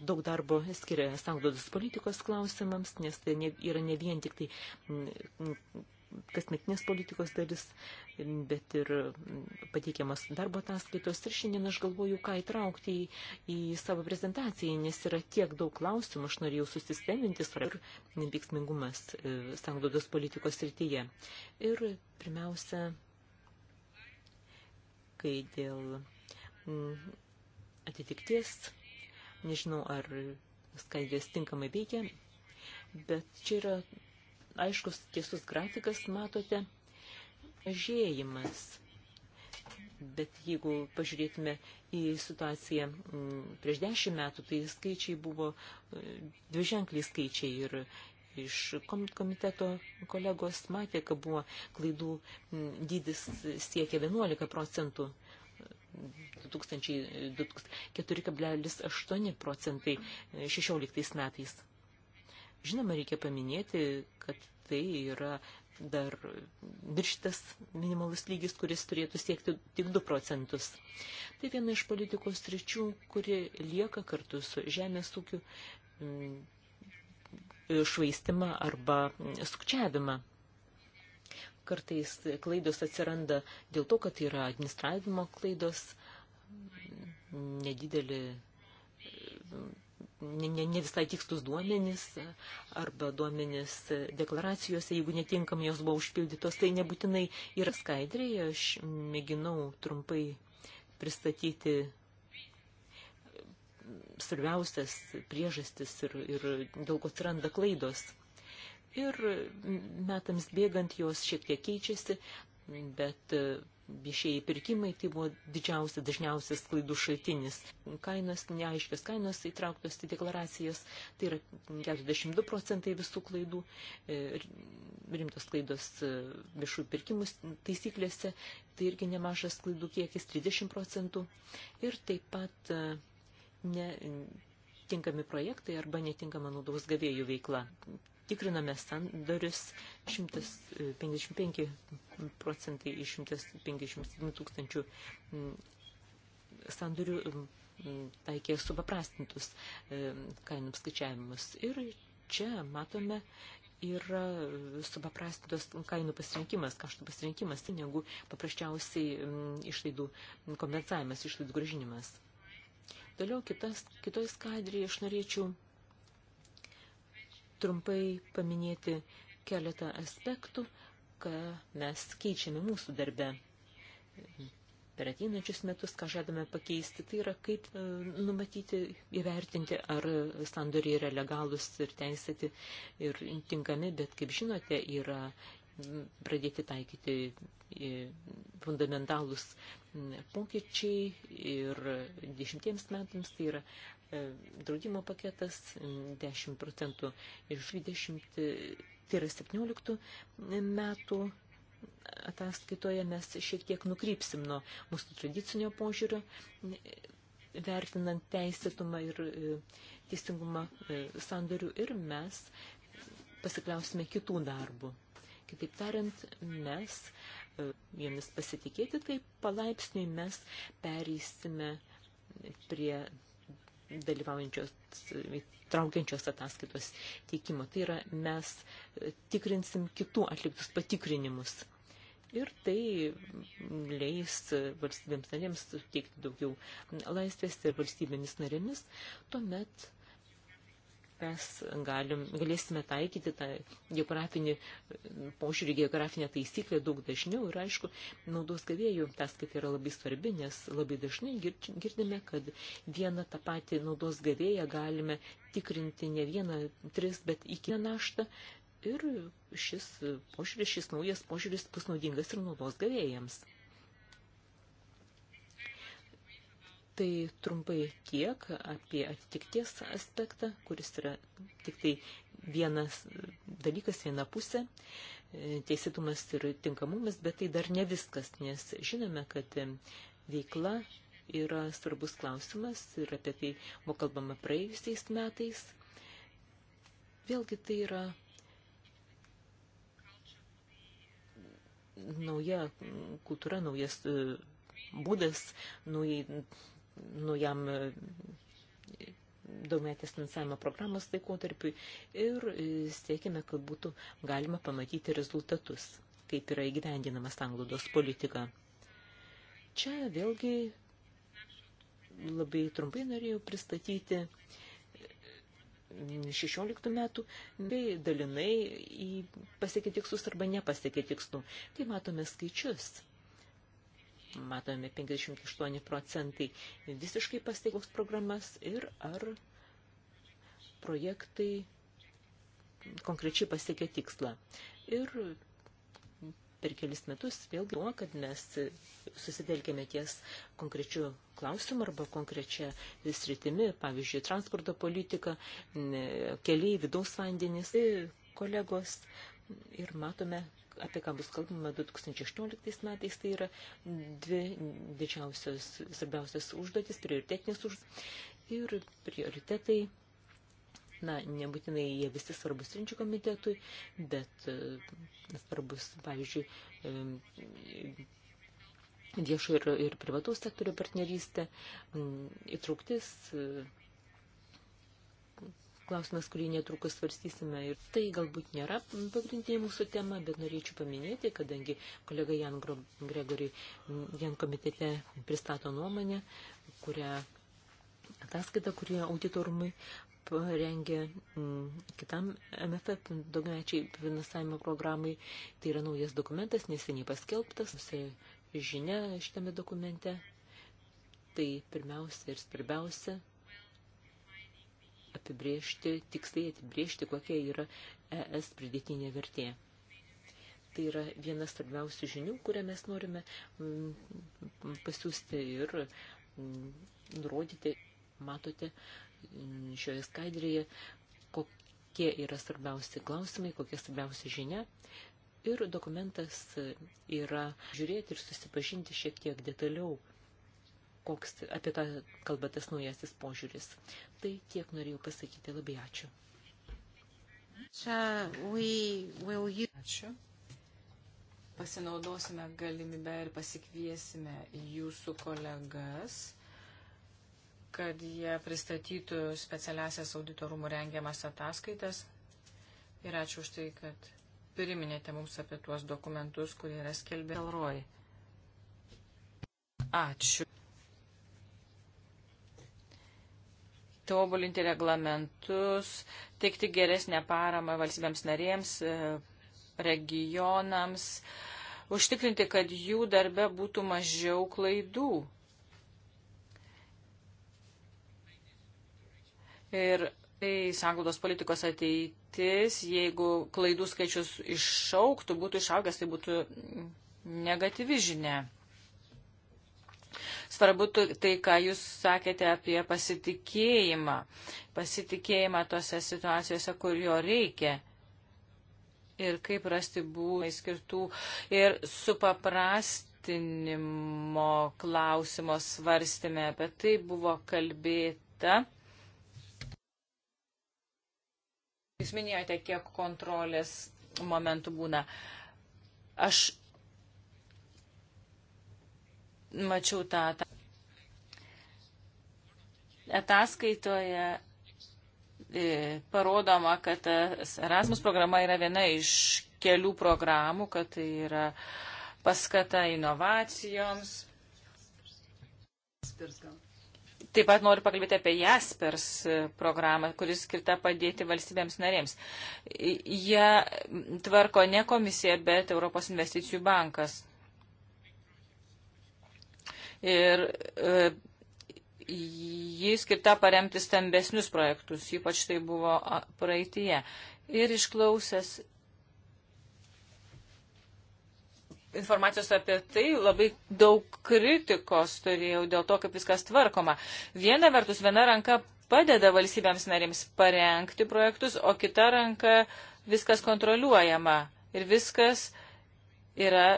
daug darbo skiria sanglodos politikos klausimams, nes tai ne, yra ne vien tik tai kasmetinės politikos dalis, bet ir pateikiamas darbo ataskaitos. Ir šiandien aš galvoju, ką įtraukti į, į savo prezentaciją, nes yra tiek daug klausimų, aš norėjau susisteminti ir veiksmingumas e, sanglodos politikos srityje. Ir pirmiausia, kai dėl atitikties Nežinau, ar skaidrės tinkamai veikia, bet čia yra aiškus tiesus grafikas, matote, mažėjimas. Bet jeigu pažiūrėtume į situaciją mm, prieš dešimt metų, tai skaičiai buvo e, dviženkliai skaičiai ir iš komiteto kolegos matė, kad buvo klaidų mm, dydis siekia 11 procentų. 4,8 procentai 16 e, metais. Žinoma, reikia paminėti, kad tai yra dar virštas minimalus lygis, kuris turėtų siekti tik 2 procentus. Tai viena iš politikos ryčių, kuri lieka kartu su žemės ūkiu mm, švaistimą arba sukčiavimą. Kartais klaidos atsiranda dėl to, kad yra administravimo klaidos, nedidelį, ne, ne, ne visai tikslus duomenys arba duomenys deklaracijose, jeigu netinkam jos buvo užpildytos, tai nebūtinai yra skaidriai. Aš mėginau trumpai pristatyti svarbiausias priežastis ir, ir dėl ko atsiranda klaidos ir metams bėgant jos šiek tiek keičiasi, bet e, viešieji pirkimai tai buvo didžiausia, dažniausias klaidų šaltinis. Kainos, neaiškios kainos įtrauktos į deklaracijas, tai yra 42 procentai visų klaidų, e, rimtos klaidos e, viešųjų pirkimų taisyklėse, tai irgi nemažas klaidų kiekis 30 procentų. Ir taip pat ne, tinkami projektai arba netinkama naudos gavėjų veikla tikrinome sandorius 155 e, procentai iš 157 tūkstančių mm, sandorių mm, mm, taikė supaprastintus e, kainų skaičiavimus. Ir čia matome yra supaprastintos kainų pasirinkimas, kaštų pasirinkimas, tai negu paprasčiausiai išlaidų kompensavimas, išlaidų gražinimas. Toliau kitas, kitoj skadrėje aš norėčiau trumpai paminėti keletą aspektų, ką mes keičiame mūsų darbe per ateinančius metus, ką žadame pakeisti, tai yra kaip e, numatyti, įvertinti, ar sandoriai yra legalus ir teisėti ir tinkami, bet kaip žinote, yra pradėti taikyti e, fundamentalus pokyčiai ir dešimtiems metams tai yra E, draudimo paketas 10 e, procentų iš 20, tai yra 17 metų ataskaitoje mes šiek tiek nukrypsim nuo mūsų tradicinio požiūrio, vertinant teisėtumą ir e, teisingumą sandorių ir mes pasikliausime kitų darbų. Kitaip tariant, mes jomis pasitikėti, tai palaipsniui mes pereisime prie dalyvaujančios, traukiančios ataskaitos teikimo. Tai yra, mes e, tikrinsim kitų atliktus patikrinimus. Ir tai leis valstybėms narėms suteikti daugiau laisvės ir valstybėmis narėmis, tuomet mes galim, galėsime taikyti tą geografinį požiūrį, geografinę taisyklę daug dažniau ir aišku, naudos gavėjų ataskaita yra labai svarbi, nes labai dažnai girdime, kad vieną tą patį naudos gavėją galime tikrinti ne vieną, tris, bet iki naštą ir šis požiūris, šis naujas požiūris bus naudingas ir naudos gavėjams. Tai trumpai tiek apie atitikties aspektą, kuris yra tik tai vienas dalykas, viena pusė, teisėtumas ir tinkamumas, bet tai dar ne viskas, nes žinome, kad veikla yra svarbus klausimas ir apie tai buvo kalbama praėjusiais metais. Vėlgi tai yra nauja kultūra, naujas būdas, naujai naujam e, daugmetės finansavimo programos laikotarpiui ir e, siekime, kad būtų galima pamatyti rezultatus, kaip yra įgyvendinama sanglaudos politika. Čia vėlgi labai trumpai norėjau pristatyti 16 metų, bei dalinai pasiekė tikslus arba nepasiekė tikslų. Tai matome skaičius matome 58 procentai visiškai pasteigos programas ir ar projektai konkrečiai pasiekė tikslą. Ir per kelis metus vėlgi nuo, kad mes susitelkėme ties konkrečių klausimų arba konkrečia sritimi, pavyzdžiui, transporto politika, keliai, vidaus vandenys, kolegos ir matome, apie ką bus kalbama 2018 metais, tai yra dvi didžiausios, svarbiausios užduotis, prioritetinės užduotis ir prioritetai. Na, nebūtinai jie visi svarbus rinčių komitetui, bet e, svarbus, pavyzdžiui, e, viešo ir, ir privataus sektorio partnerystė, įtrauktis, e, klausimas, kurį netrukus svarstysime. Ir tai galbūt nėra pagrindinė mūsų tema, bet norėčiau paminėti, kadangi kolega Jan Gregoriui Jan komitete pristato nuomonę, kurią ataskaitą, kurį auditorumai parengė kitam MFF daugiamečiai finansavimo programai. Tai yra naujas dokumentas, neseniai paskelbtas, žinia šitame dokumente. Tai pirmiausia ir svarbiausia apibriežti, tiksliai apibriežti, kokia yra ES pridėtinė vertė. Tai yra vienas svarbiausių žinių, kurią mes norime mm, pasiūsti ir mm, nurodyti, matote mm, šioje skaidrėje, kokie yra svarbiausi klausimai, kokia svarbiausia žinia. Ir dokumentas yra žiūrėti ir susipažinti šiek tiek detaliau koks apie tą kalba tas naujasis požiūris. Tai tiek norėjau pasakyti. Labai ačiū. Ačiū. Pasinaudosime galimybę ir pasikviesime jūsų kolegas, kad jie pristatytų specialiasias auditorumų rengiamas ataskaitas. Ir ačiū už tai, kad priminėte mums apie tuos dokumentus, kurie yra skelbė Elroy. Ačiū. tobulinti reglamentus, teikti geresnę paramą valstybėms narėms, e, regionams, užtikrinti, kad jų darbe būtų mažiau klaidų. Ir tai sanglaudos politikos ateitis, jeigu klaidų skaičius išauktų, būtų išaugęs, tai būtų negatyvi žinia svarbu tai, ką jūs sakėte apie pasitikėjimą. Pasitikėjimą tose situacijose, kur jo reikia. Ir kaip rasti būdai skirtų ir supaprastinimo klausimo svarstymė. Apie tai buvo kalbėta. Jūs minėjote, kiek kontrolės momentų būna. Aš mačiau tą, tą ataskaitoje e, parodoma, kad Erasmus programa yra viena iš kelių programų, kad tai yra paskata inovacijoms. Taip pat noriu pakalbėti apie Jaspers programą, kuris skirta padėti valstybėms narėms. Jie tvarko ne komisija, bet Europos investicijų bankas ir e, jį skirta paremti stambesnius projektus, ypač tai buvo praeitie. Ir išklausęs informacijos apie tai, labai daug kritikos turėjau dėl to, kaip viskas tvarkoma. Viena vertus, viena ranka padeda valstybėms narėms parengti projektus, o kita ranka viskas kontroliuojama ir viskas yra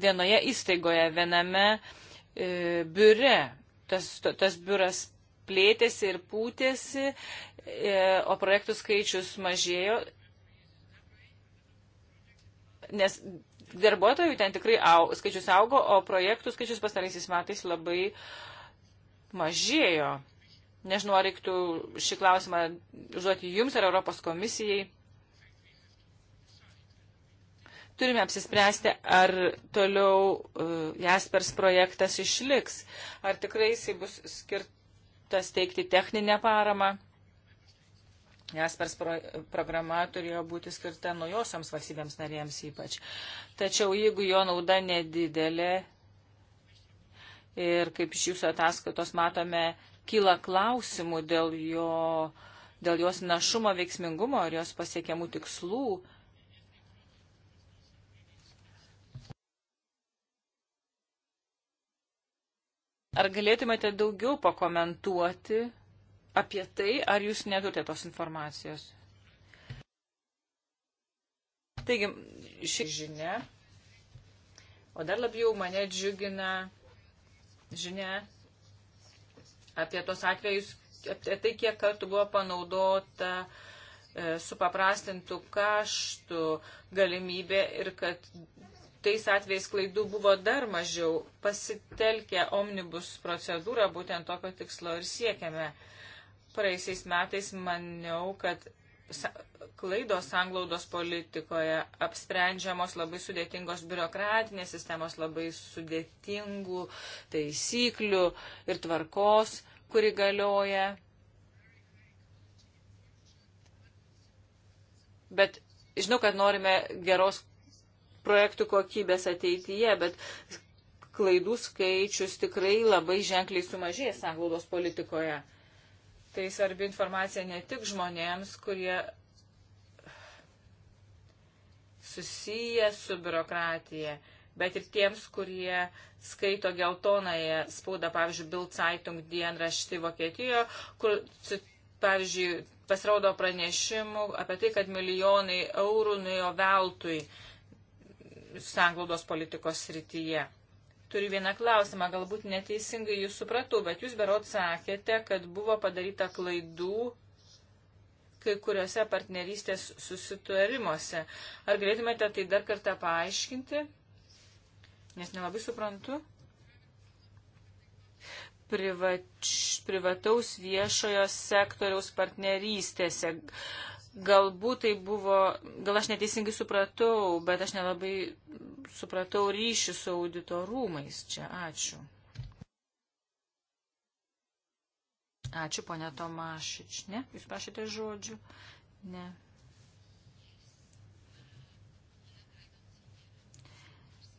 vienoje įstaigoje, viename uh, E, biure. Tas, tas biuras plėtėsi ir pūtėsi, e, o projektų skaičius mažėjo, nes darbuotojų ten tikrai au, skaičius augo, o projektų skaičius pastaraisiais metais labai mažėjo. Nežinau, ar reiktų šį klausimą užduoti jums ar Europos komisijai. Turime apsispręsti, ar toliau e, Jaspers projektas išliks, ar tikrai jisai bus skirtas teikti techninę paramą. Jaspers pro, programa turėjo būti skirta naujosiams valstybėms narėms ypač. Tačiau jeigu jo nauda nedidelė ir kaip iš jūsų ataskaitos matome, kyla klausimų dėl, jo, dėl jos našumo veiksmingumo ir jos pasiekiamų tikslų, Ar galėtumėte daugiau pakomentuoti apie tai, ar jūs neturite tos informacijos? Taigi, ši žinia, o dar labiau mane džiugina žinia apie tos atvejus, apie tai, kiek kartų buvo panaudota e, supaprastintų kaštų galimybė ir kad tais atvejais klaidų buvo dar mažiau. Pasitelkę omnibus procedūrą, būtent tokio tikslo ir siekiame. Praeisiais metais maniau, kad klaidos sanglaudos politikoje apsprendžiamos labai sudėtingos biurokratinės sistemos, labai sudėtingų taisyklių ir tvarkos, kuri galioja. Bet žinau, kad norime geros projektų kokybės ateityje, bet klaidų skaičius tikrai labai ženkliai sumažės sanglaudos politikoje. Tai svarbi informacija ne tik žmonėms, kurie susiję su biurokratija, bet ir tiems, kurie skaito geltonąją spaudą, pavyzdžiui, Bild Zeitung dienraštį Vokietijoje, kur, pavyzdžiui, pasirodo pranešimų apie tai, kad milijonai eurų nuėjo veltui. Uh, sanglaudos politikos srityje. Turiu vieną klausimą, galbūt neteisingai jūs supratau, bet jūs berot sakėte, kad buvo padaryta klaidų kai kuriuose partnerystės susitarimuose. Ar galėtumėte tai dar kartą paaiškinti? Nes nelabai suprantu. Privač, privataus viešojo sektoriaus partnerystėse Galbūt tai buvo, gal aš neteisingai supratau, bet aš nelabai supratau ryšį su audito rūmais čia. Ačiū. Ačiū, ponė Tomašič. Ne? Jūs prašėte žodžių? Ne.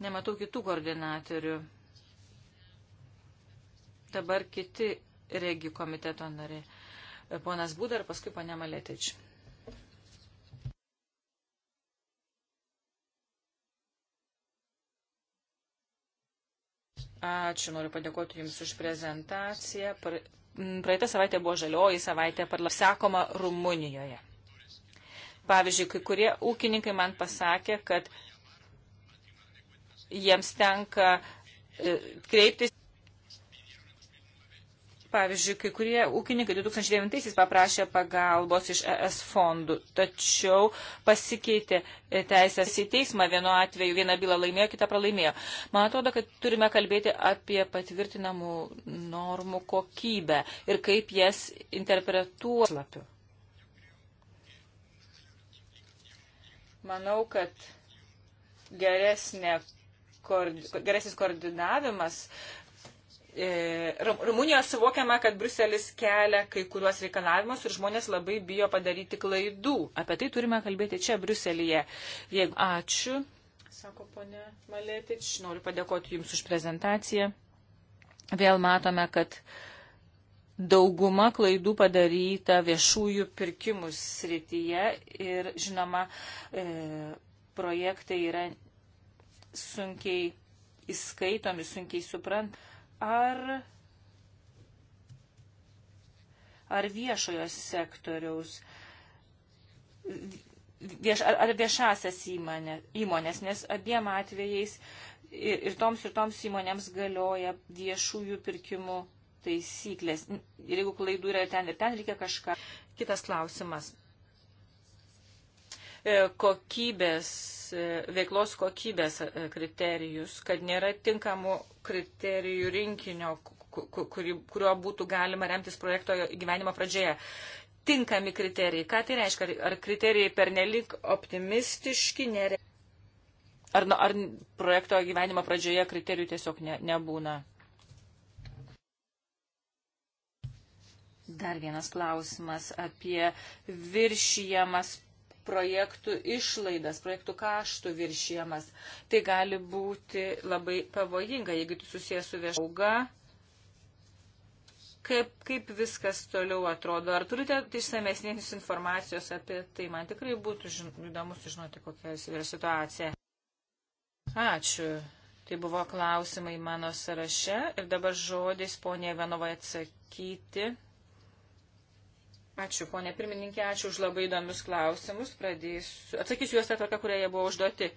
Nematau kitų koordinatorių. Dabar kiti regi komiteto nariai. Ponas Būdar, paskui ponė Maletič. Ačiū, noriu padėkoti Jums už prezentaciją. Praeitą savaitę buvo žalioji savaitė parlapsakoma Rumunijoje. Pavyzdžiui, kai kurie ūkininkai man pasakė, kad jiems tenka e, kreiptis Pavyzdžiui, kai kurie ūkininkai 2009-aisiais paprašė pagalbos iš ES fondų, tačiau pasikeitė e, teisės į teismą vienu atveju, vieną bylą laimėjo, kitą pralaimėjo. Man atrodo, kad turime kalbėti apie patvirtinamų normų kokybę ir kaip jas interpretuos lapiu. Manau, kad geresnė, koord, geresnis koordinavimas uh, E, Rumunijoje suvokiama, kad Bruselis kelia kai kuriuos reikalavimus ir žmonės labai bijo padaryti klaidų. Apie tai turime kalbėti čia, Bruselėje. Jeigu... Ačiū, sako ponė Maletič, noriu padėkoti Jums už prezentaciją. Vėl matome, kad dauguma klaidų padaryta viešųjų pirkimų srityje ir, žinoma, e, projektai yra sunkiai įskaitomi, sunkiai suprantami ar, ar viešojo sektoriaus, vieš, ar, ar viešasias įmonė, įmonės, nes abiem atvejais ir, ir toms ir toms įmonėms galioja viešųjų pirkimų taisyklės. Ir jeigu klaidų yra ten ir ten, reikia kažką. Kitas klausimas. E, kokybės, e, veiklos kokybės e, kriterijus, kad nėra tinkamų kriterijų rinkinio, kuriuo būtų galima remtis projekto gyvenimo pradžioje. Tinkami kriterijai. Ką tai reiškia? Ar kriterijai pernelik optimistiški, nere... ar, ar projekto gyvenimo pradžioje kriterijų tiesiog ne, nebūna? Dar vienas klausimas apie viršijamas projektų išlaidas, projektų kaštų viršiemas. Tai gali būti labai pavojinga, jeigu tu tai susijęs su viešauga. Kaip, kaip viskas toliau atrodo? Ar turite išsamesnės informacijos apie tai? Man tikrai būtų žin, įdomu sužinoti, kokia yra situacija. Ačiū. Tai buvo klausimai mano sąraše ir dabar žodis ponė Ivanovai atsakyti. Ačiū, ponė pirmininkė, ačiū už labai įdomius klausimus. Pradėsiu. Atsakysiu juos tą tokią, kurią jie buvo užduoti.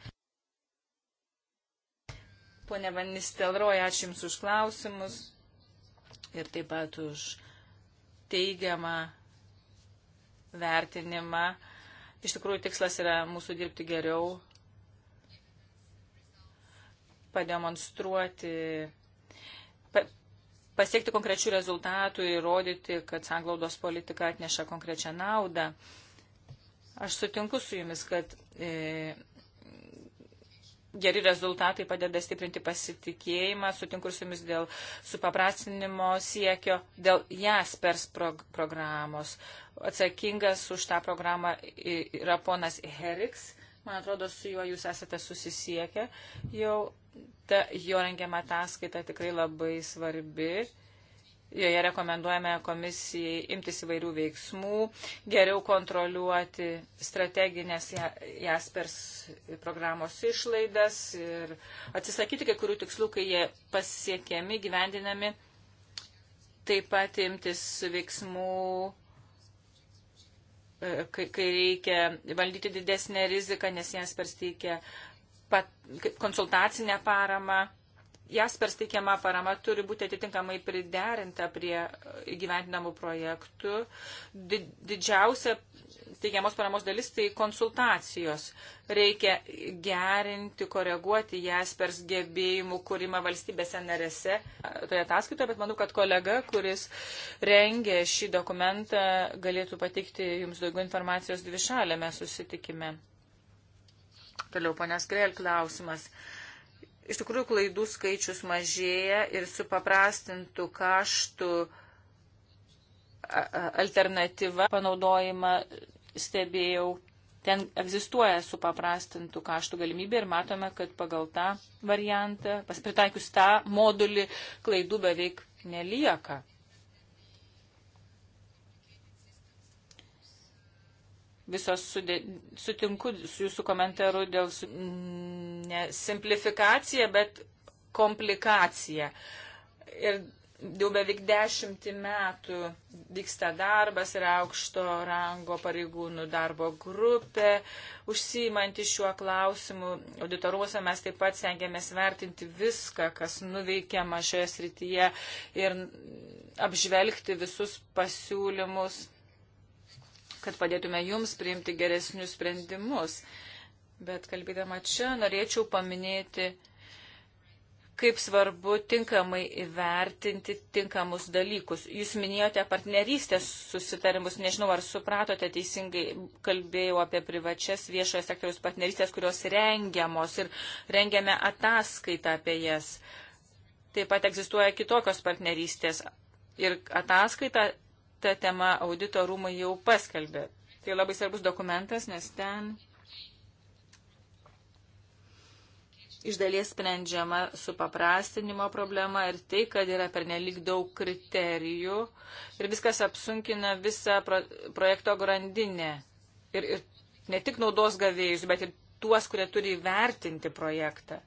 Pone Vanis Telroja, ačiū Jums už klausimus ir taip pat už teigiamą vertinimą. Iš tikrųjų, tikslas yra mūsų dirbti geriau, pademonstruoti pasiekti konkrečių rezultatų ir rodyti, kad sanglaudos politika atneša konkrečią naudą. Aš sutinku su jumis, kad e, geri rezultatai padeda stiprinti pasitikėjimą, sutinku su jumis dėl supaprastinimo siekio, dėl JASPERS prog programos. Atsakingas už tą programą yra ponas Heriks. Man atrodo, su juo jūs esate susisiekę jau ta jo rengiama ataskaita tikrai labai svarbi. Joje rekomenduojame komisijai imtis įvairių veiksmų, geriau kontroliuoti strateginės Jaspers programos išlaidas ir atsisakyti kai kurių tikslų, kai jie pasiekiami, gyvendinami, taip pat imtis veiksmų, e, kai, kai reikia valdyti didesnę riziką, nes Jaspers teikia uh, konsultacinę paramą. Jaspers teikiama parama turi būti atitinkamai priderinta prie e, gyventinamų projektų. Didžiausia teikiamos paramos dalis tai konsultacijos. Reikia gerinti, koreguoti Jaspers gebėjimų kūrimą valstybėse narėse. E, toje ataskaitoje, bet manau, kad kolega, kuris rengė šį dokumentą, galėtų pateikti jums daugiau informacijos dvišalėme susitikime. Toliau, ponios Grėl, klausimas. Iš tikrųjų, klaidų skaičius mažėja ir su paprastintų kaštų alternatyva panaudojimą stebėjau. Ten egzistuoja su paprastintų kaštų galimybė ir matome, kad pagal tą variantą, pasipritaikius tą modulį, klaidų beveik nelieka. visos sudė... sutinku su jūsų komentaru dėl su... Mm, ne simplifikacija, bet komplikacija. Ir jau beveik dešimtį metų vyksta darbas ir aukšto rango pareigūnų darbo grupė. Užsijimanti šiuo klausimu, auditoruose mes taip pat stengiamės vertinti viską, kas nuveikiama šioje srityje ir apžvelgti visus pasiūlymus kad padėtume jums priimti geresnius sprendimus. Bet kalbėdama čia norėčiau paminėti, kaip svarbu tinkamai įvertinti tinkamus dalykus. Jūs minėjote partnerystės susitarimus, nežinau ar supratote teisingai, kalbėjau apie privačias viešojo sektoriaus partnerystės, kurios rengiamos ir rengiame ataskaitą apie jas. Taip pat egzistuoja kitokios partnerystės ir ataskaita šitą temą audito rūmai jau paskelbė. Tai labai svarbus dokumentas, nes ten iš dalies sprendžiama supaprastinimo problema ir tai, kad yra pernelik daug kriterijų ir viskas apsunkina visą pro, projekto grandinę. Ir, ir ne tik naudos gavėjus, bet ir tuos, kurie turi įvertinti projektą.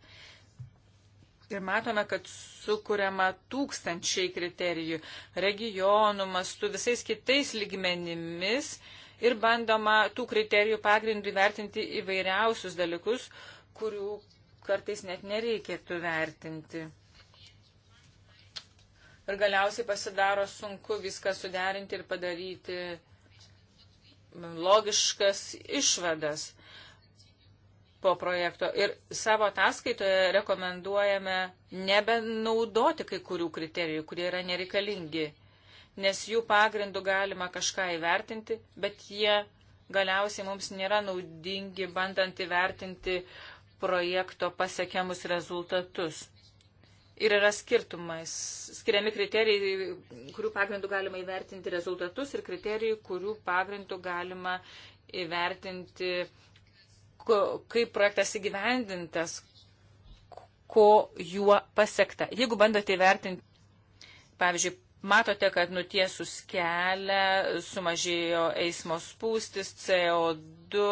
Ir matome, kad sukuriama tūkstančiai kriterijų regionų mastu visais kitais lygmenimis ir bandoma tų kriterijų pagrindų vertinti įvairiausius dalykus, kurių kartais net nereikėtų vertinti. Ir galiausiai pasidaro sunku viską suderinti ir padaryti logiškas išvadas po projekto ir savo ataskaitoje rekomenduojame nebenaudoti kai kurių kriterijų, kurie yra nereikalingi, nes jų pagrindų galima kažką įvertinti, bet jie galiausiai mums nėra naudingi, bandant įvertinti projekto pasiekiamus rezultatus. Ir yra skirtumas, skiriami kriterijai, kurių pagrindų galima įvertinti rezultatus ir kriterijai, kurių pagrindų galima įvertinti rezultatus kaip projektas įgyvendintas, ko juo pasiekta. Jeigu bandote įvertinti, pavyzdžiui, matote, kad nutiesus kelią sumažėjo eismo spūstis, CO2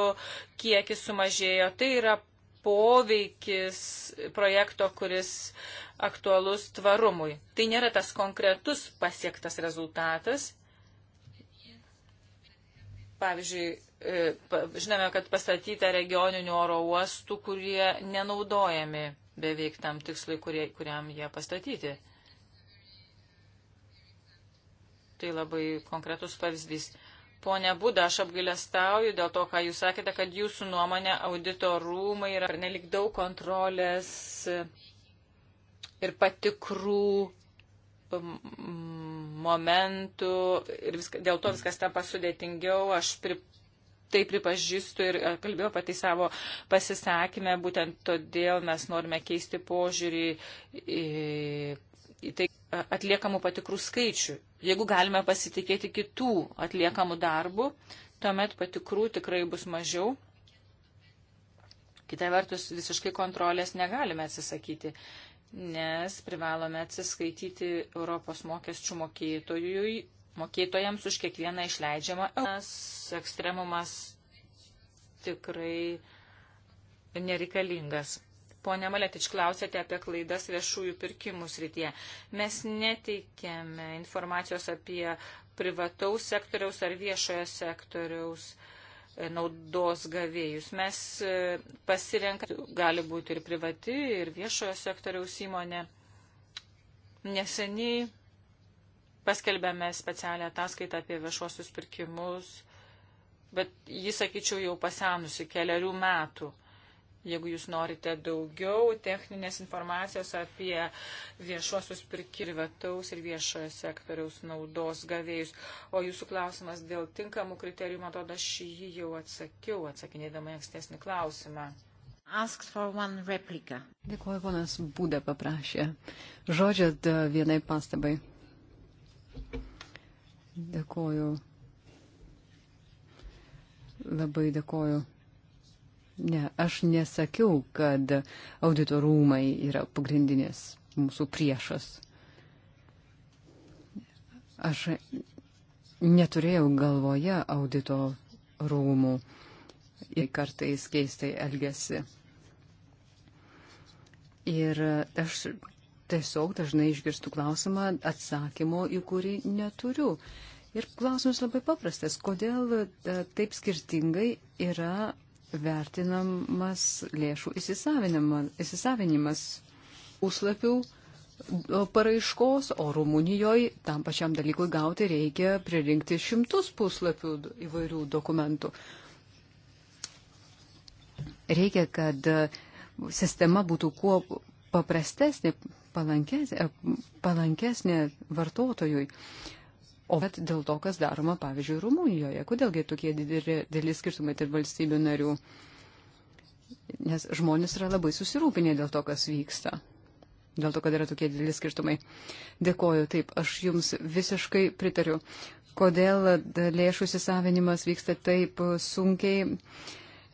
kiekis sumažėjo, tai yra poveikis projekto, kuris aktualus tvarumui. Tai nėra tas konkretus pasiektas rezultatas. Pavyzdžiui, E, žinome, kad pastatyta regioninių oro uostų, kurie nenaudojami beveik tam tikslui, kurie, kuriam jie pastatyti. Tai labai konkretus pavyzdys. Pone Būda, aš apgailestauju dėl to, ką jūs sakėte, kad jūsų nuomonė audito rūmai yra nelik daug kontrolės ir patikrų momentų ir viska, dėl to viskas tampa sudėtingiau. Aš pri, tai pripažįstu ir e, kalbėjau apie tai savo pasisakymę, būtent todėl mes norime keisti požiūrį į, į tai e, atliekamų patikrų skaičių. Jeigu galime pasitikėti kitų atliekamų darbų, tuomet patikrų tikrai bus mažiau. Kita vertus, visiškai kontrolės negalime atsisakyti, nes privalome atsiskaityti Europos mokesčių mokėtojui mokėtojams už kiekvieną išleidžiamą euras. Ekstremumas tikrai nereikalingas. Pone Maletič, klausėte apie klaidas viešųjų pirkimų srityje. Mes neteikėme informacijos apie privataus sektoriaus ar viešojo sektoriaus e, naudos gavėjus. Mes e, pasirenkame, gali būti ir privati, ir viešojo sektoriaus įmonė. Neseniai paskelbėme specialią ataskaitą apie viešuosius pirkimus, bet jis, sakyčiau, jau pasenusi keliarių metų. Jeigu jūs norite daugiau techninės informacijos apie viešuosius pirkirvetaus ir viešojo sektoriaus naudos gavėjus, o jūsų klausimas dėl tinkamų kriterijų, man atrodo, aš jį jau atsakiau, atsakinėdama ankstesnį klausimą. Dėkuoju, ponas Būda paprašė. Žodžiat vienai pastabai. Dėkoju. Labai dėkoju. Ne, aš nesakiau, kad auditorumai yra pagrindinis mūsų priešas. Aš neturėjau galvoje audito rūmų ir kartais keistai elgesi. Ir aš tiesiog dažnai išgirstu klausimą, atsakymo į kurį neturiu. Ir klausimas labai paprastas. Kodėl e, taip skirtingai yra vertinamas lėšų įsisavinimas puslapių paraiškos, o Rumunijoje tam pačiam dalykui gauti reikia pririnkti šimtus puslapių įvairių dokumentų. Reikia, kad e, sistema būtų kuo paprastesnė, palankes, e, palankesnė vartotojui. O bet dėl to, kas daroma, pavyzdžiui, Rumunijoje. Kodėlgi tokie dideli skirtumai tarp valstybių narių? Nes žmonės yra labai susirūpinę dėl to, kas vyksta. Dėl to, kad yra tokie dideli skirtumai. Dėkoju, taip, aš jums visiškai pritariu. Kodėl lėšų įsisavinimas vyksta taip sunkiai?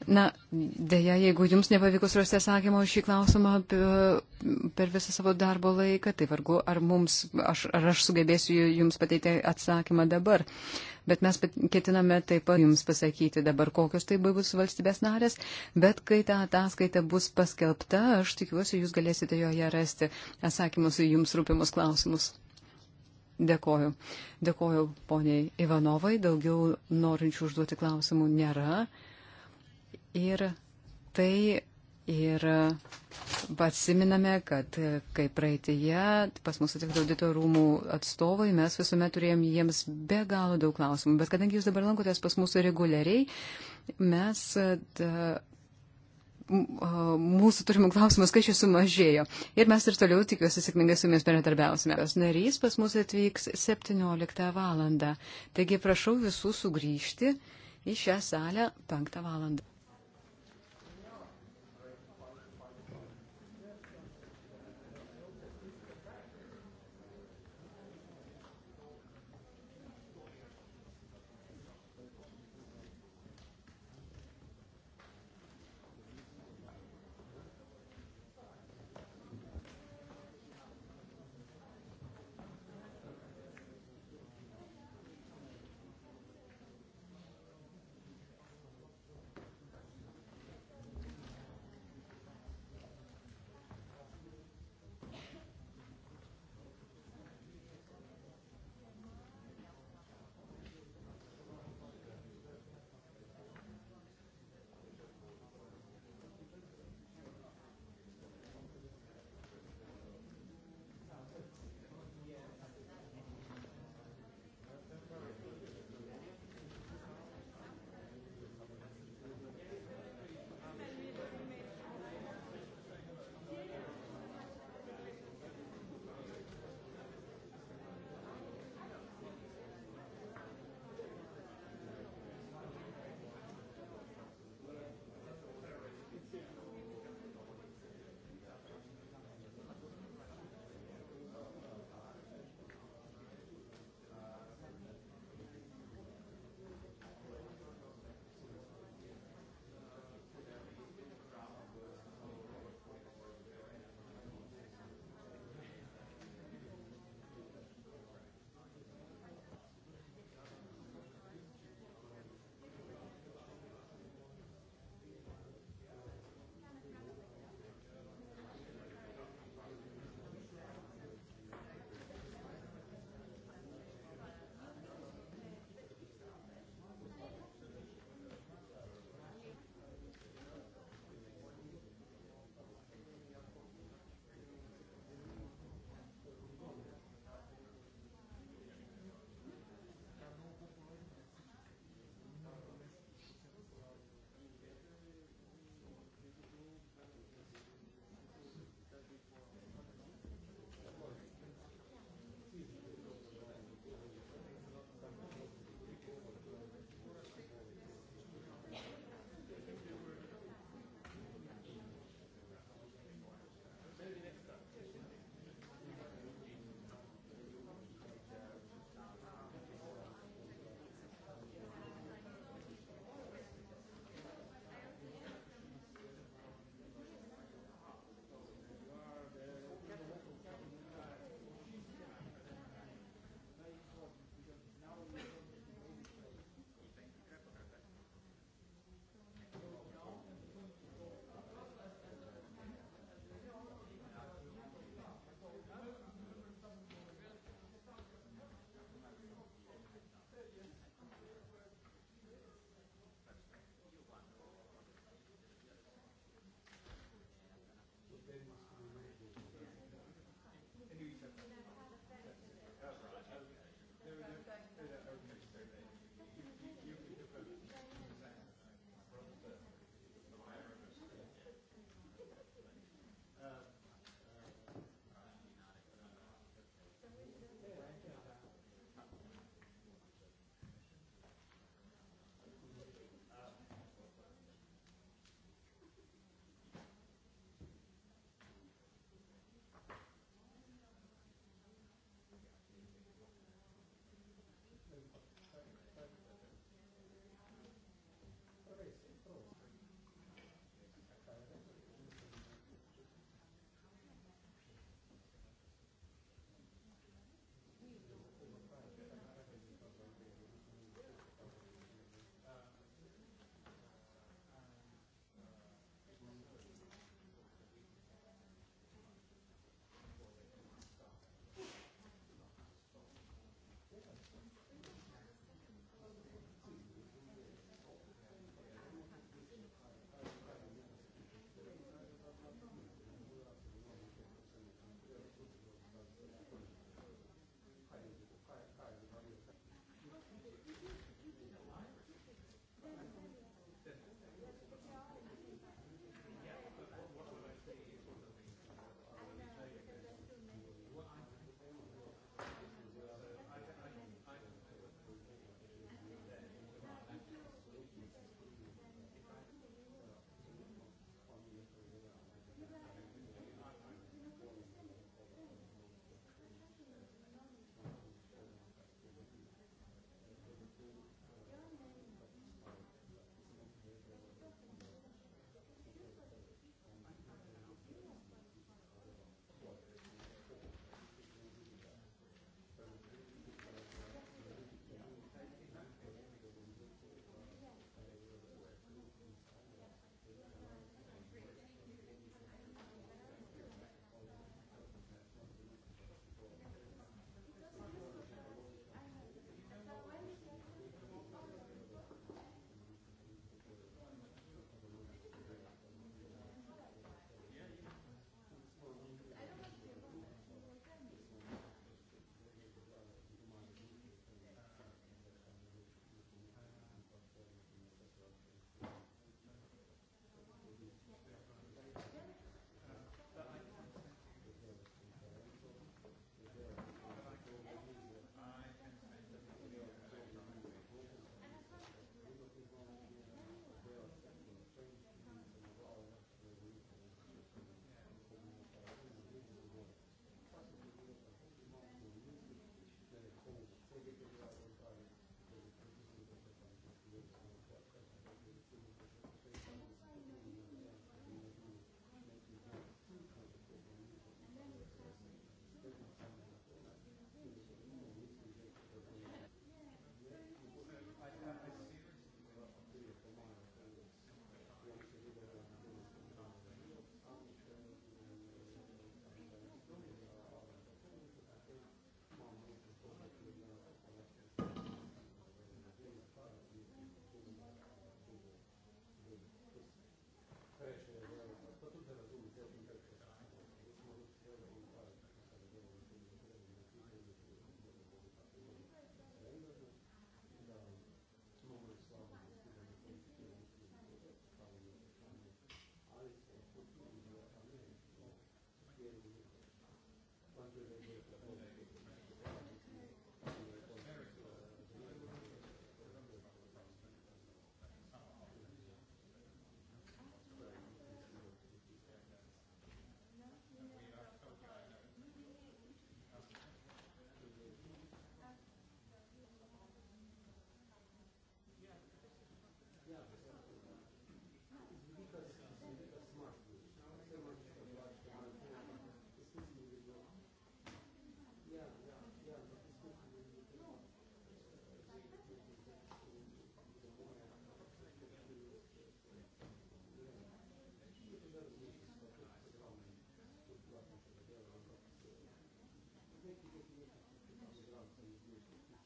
Na, dėja, jeigu jums nepavyko surasti atsakymo šį klausimą per visą savo darbo laiką, tai vargu, ar, mums, aš, ar aš sugebėsiu jums pateikti atsakymą dabar. Bet mes ketiname taip pat jums pasakyti dabar, kokios tai bus valstybės narės, bet kai ta ataskaita bus paskelbta, aš tikiuosi, jūs galėsite joje rasti atsakymus į jums rūpimus klausimus. Dėkoju. Dėkoju poniai Ivanovai, daugiau norinčių užduoti klausimų nėra. Ir tai ir atsiminame, kad kaip praeitėje pas mūsų tik audito rūmų atstovai, mes visuomet turėjom jiems be galo daug klausimų. Bet kadangi jūs dabar lankotės pas mūsų reguliariai, mes da, mūsų turimų klausimų skaičius sumažėjo. Ir mes ir toliau tikiuosi sėkmingai su jumis bendradarbiausime. Narys pas mus atvyks 17 valandą. Taigi prašau visų sugrįžti į šią salę 5 valandą.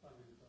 pavyzdžiui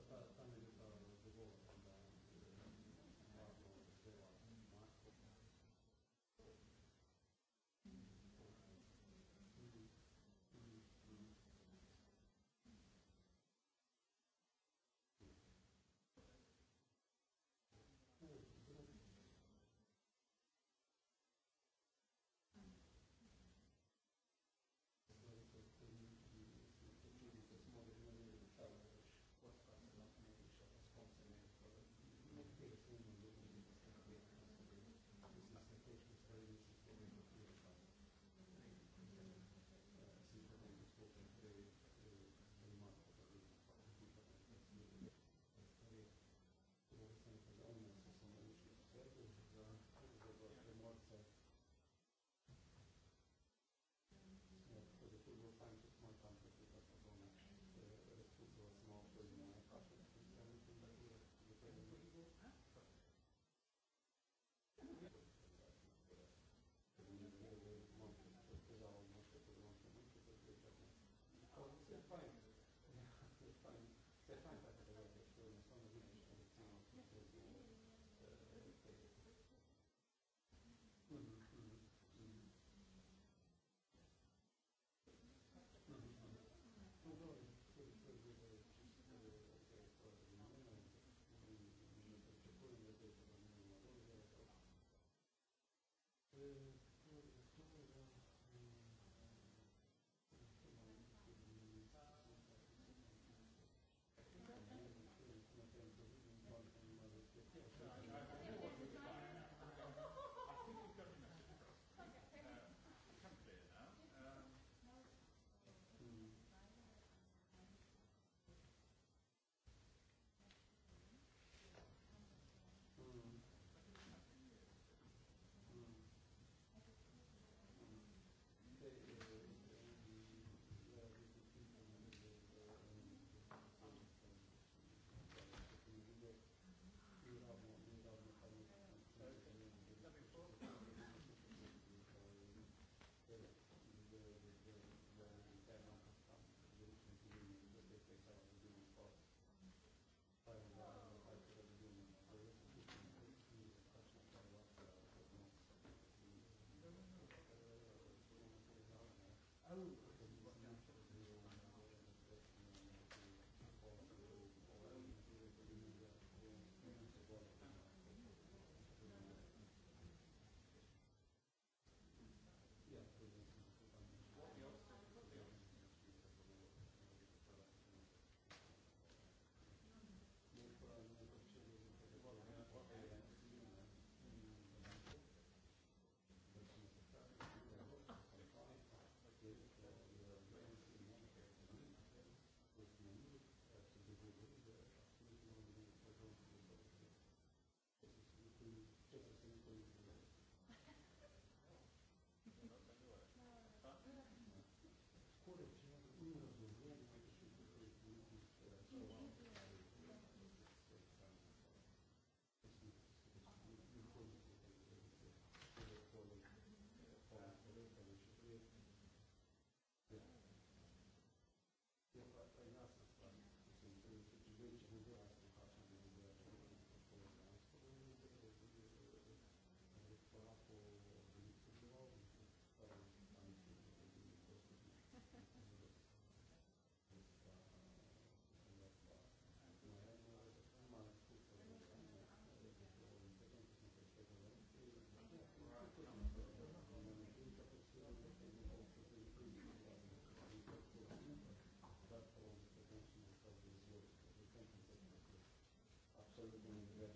Thank you.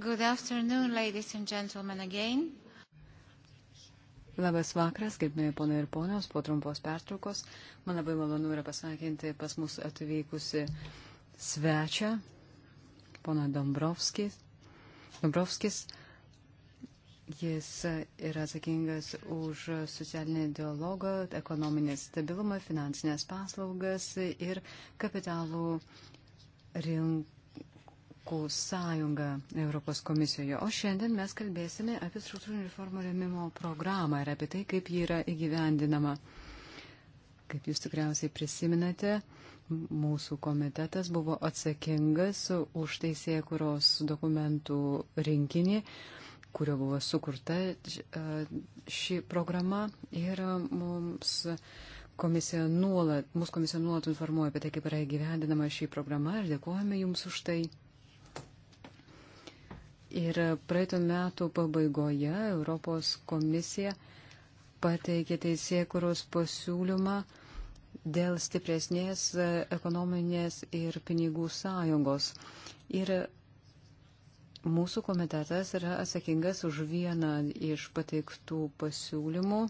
Good afternoon, ladies and gentlemen, again. Labas vakaras, gerbėjai ponai ir ponios, po trumpos pertraukos. Man labai malonu yra pasakinti pas mus atvykusi svečią, poną Dombrovskis. Dombrovskis. Jis yra atsakingas už socialinį dialogą, ekonominį stabilumą, finansinės paslaugas ir kapitalų rink, bankų sąjungą Europos komisijoje. O šiandien mes kalbėsime apie struktūrinį reformų remimo programą ir apie tai, kaip ji yra įgyvendinama. Kaip jūs tikriausiai prisiminate, mūsų komitetas buvo atsakingas už teisėkuros dokumentų rinkinį, kurio buvo sukurta e, ši programa ir mums komisija nuolat, mūsų komisija nuolat informuoja apie tai, kaip yra įgyvendinama šį programą ir dėkojame Jums už tai. Ir praeitų metų pabaigoje Europos komisija pateikė teisėkuros pasiūlymą dėl stipresnės ekonominės ir pinigų sąjungos. Ir mūsų komitetas yra atsakingas už vieną iš pateiktų pasiūlymų.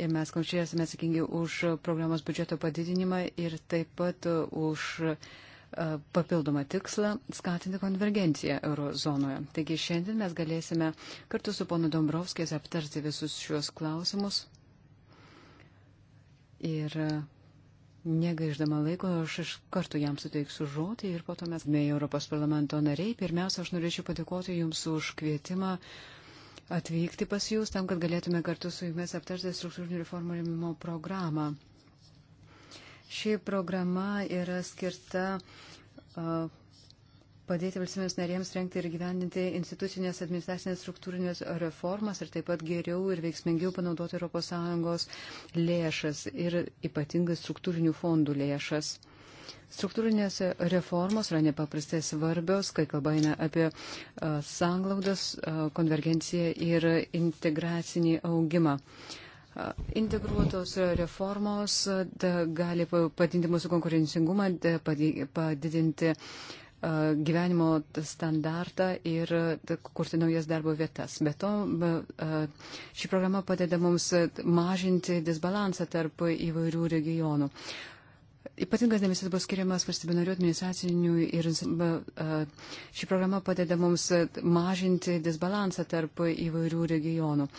Ir mes konkrečiai esame atsakingi už programos biudžeto padidinimą ir taip pat už uh, E, papildomą tikslą skatinti konvergenciją eurozonoje. Taigi šiandien mes galėsime kartu su ponu Dombrovskis aptarti visus šiuos klausimus. Ir e, negaiždama laiko, aš iš karto jam suteiksiu žodį ir po to mes, mėj Europos parlamento nariai, pirmiausia, aš norėčiau padėkoti Jums už kvietimą atvykti pas Jūs, tam, kad galėtume kartu su Jumis aptarti struktūrinių reformų remimo programą. Ši programa yra skirta padėti valstybės narėms renkti ir gyvendinti institucinės administracinės struktūrinės reformas ir taip pat geriau ir veiksmingiau panaudoti ES lėšas ir ypatingai struktūrinių fondų lėšas. Struktūrinės reformos yra nepaprastai svarbios, kai kalba eina apie sanglaudas, konvergenciją ir integracinį augimą. Uh, Integruotos reformos gali padinti mūsų konkurencingumą, padidinti gyvenimo standartą ir kurti naujas darbo vietas. Be to, ši programa padeda mums mažinti disbalansą tarp įvairių regionų. Ypatingas dėmesys bus skiriamas valstybinarių administracinių ir ši programa padeda mums mažinti disbalansą tarp įvairių regionų.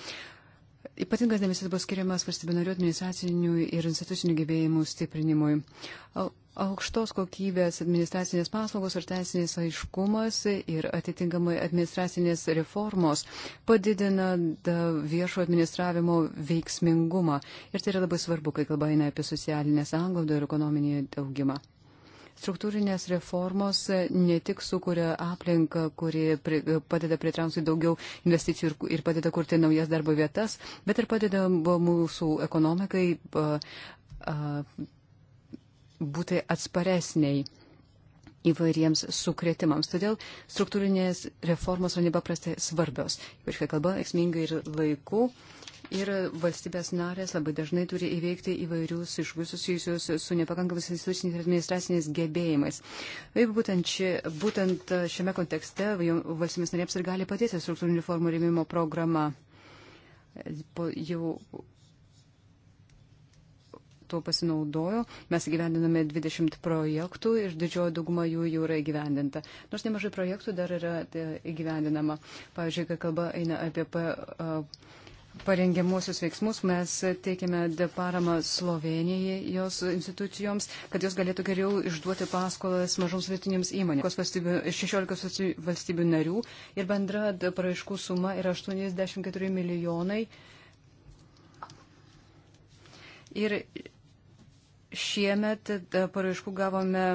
Ypatingas dėmesys bus skiriamas valstybinarių administracinių ir institucinių gebėjimų stiprinimui. Aukštos kokybės administracinės paslaugos ir teisinės aiškumas ir atitinkamai administracinės reformos padidina viešo administravimo veiksmingumą. Ir tai yra labai svarbu, kai kalba eina apie socialinę sąnglaudą ir ekonominį augimą. Struktūrinės reformos ne tik sukuria aplinką, kuri padeda pritraukti daugiau investicijų ir padeda kurti naujas darbo vietas, bet ir padeda mūsų ekonomikai būti atsparesniai įvairiems sukretimams. Todėl struktūrinės reformos yra nepaprastai svarbios, ypač kai kalba esmingai ir laiku. Ir valstybės narės labai dažnai turi įveikti įvairius iššūkius susijusius su nepakankamas instituciniais ir administraciniais gebėjimais. Ir būtent, ši, būtent šiame kontekste valstybės narėms ir gali padėti struktūrinių formų rėmimo programa. Po, jau tuo pasinaudojo. Mes įgyvendiname 20 projektų ir didžioji dauguma jų jau yra įgyvendinta. Nors nemažai projektų dar yra e, įgyvendinama. Pavyzdžiui, kai kalba eina apie parengiamuosius veiksmus mes teikiame paramą Slovenijai, jos institucijoms, kad jos galėtų geriau išduoti paskolas mažoms vietinėms įmonėms. 16 valstybių narių ir bendra paraiškų suma yra 84 milijonai. Ir šiemet paraiškų gavome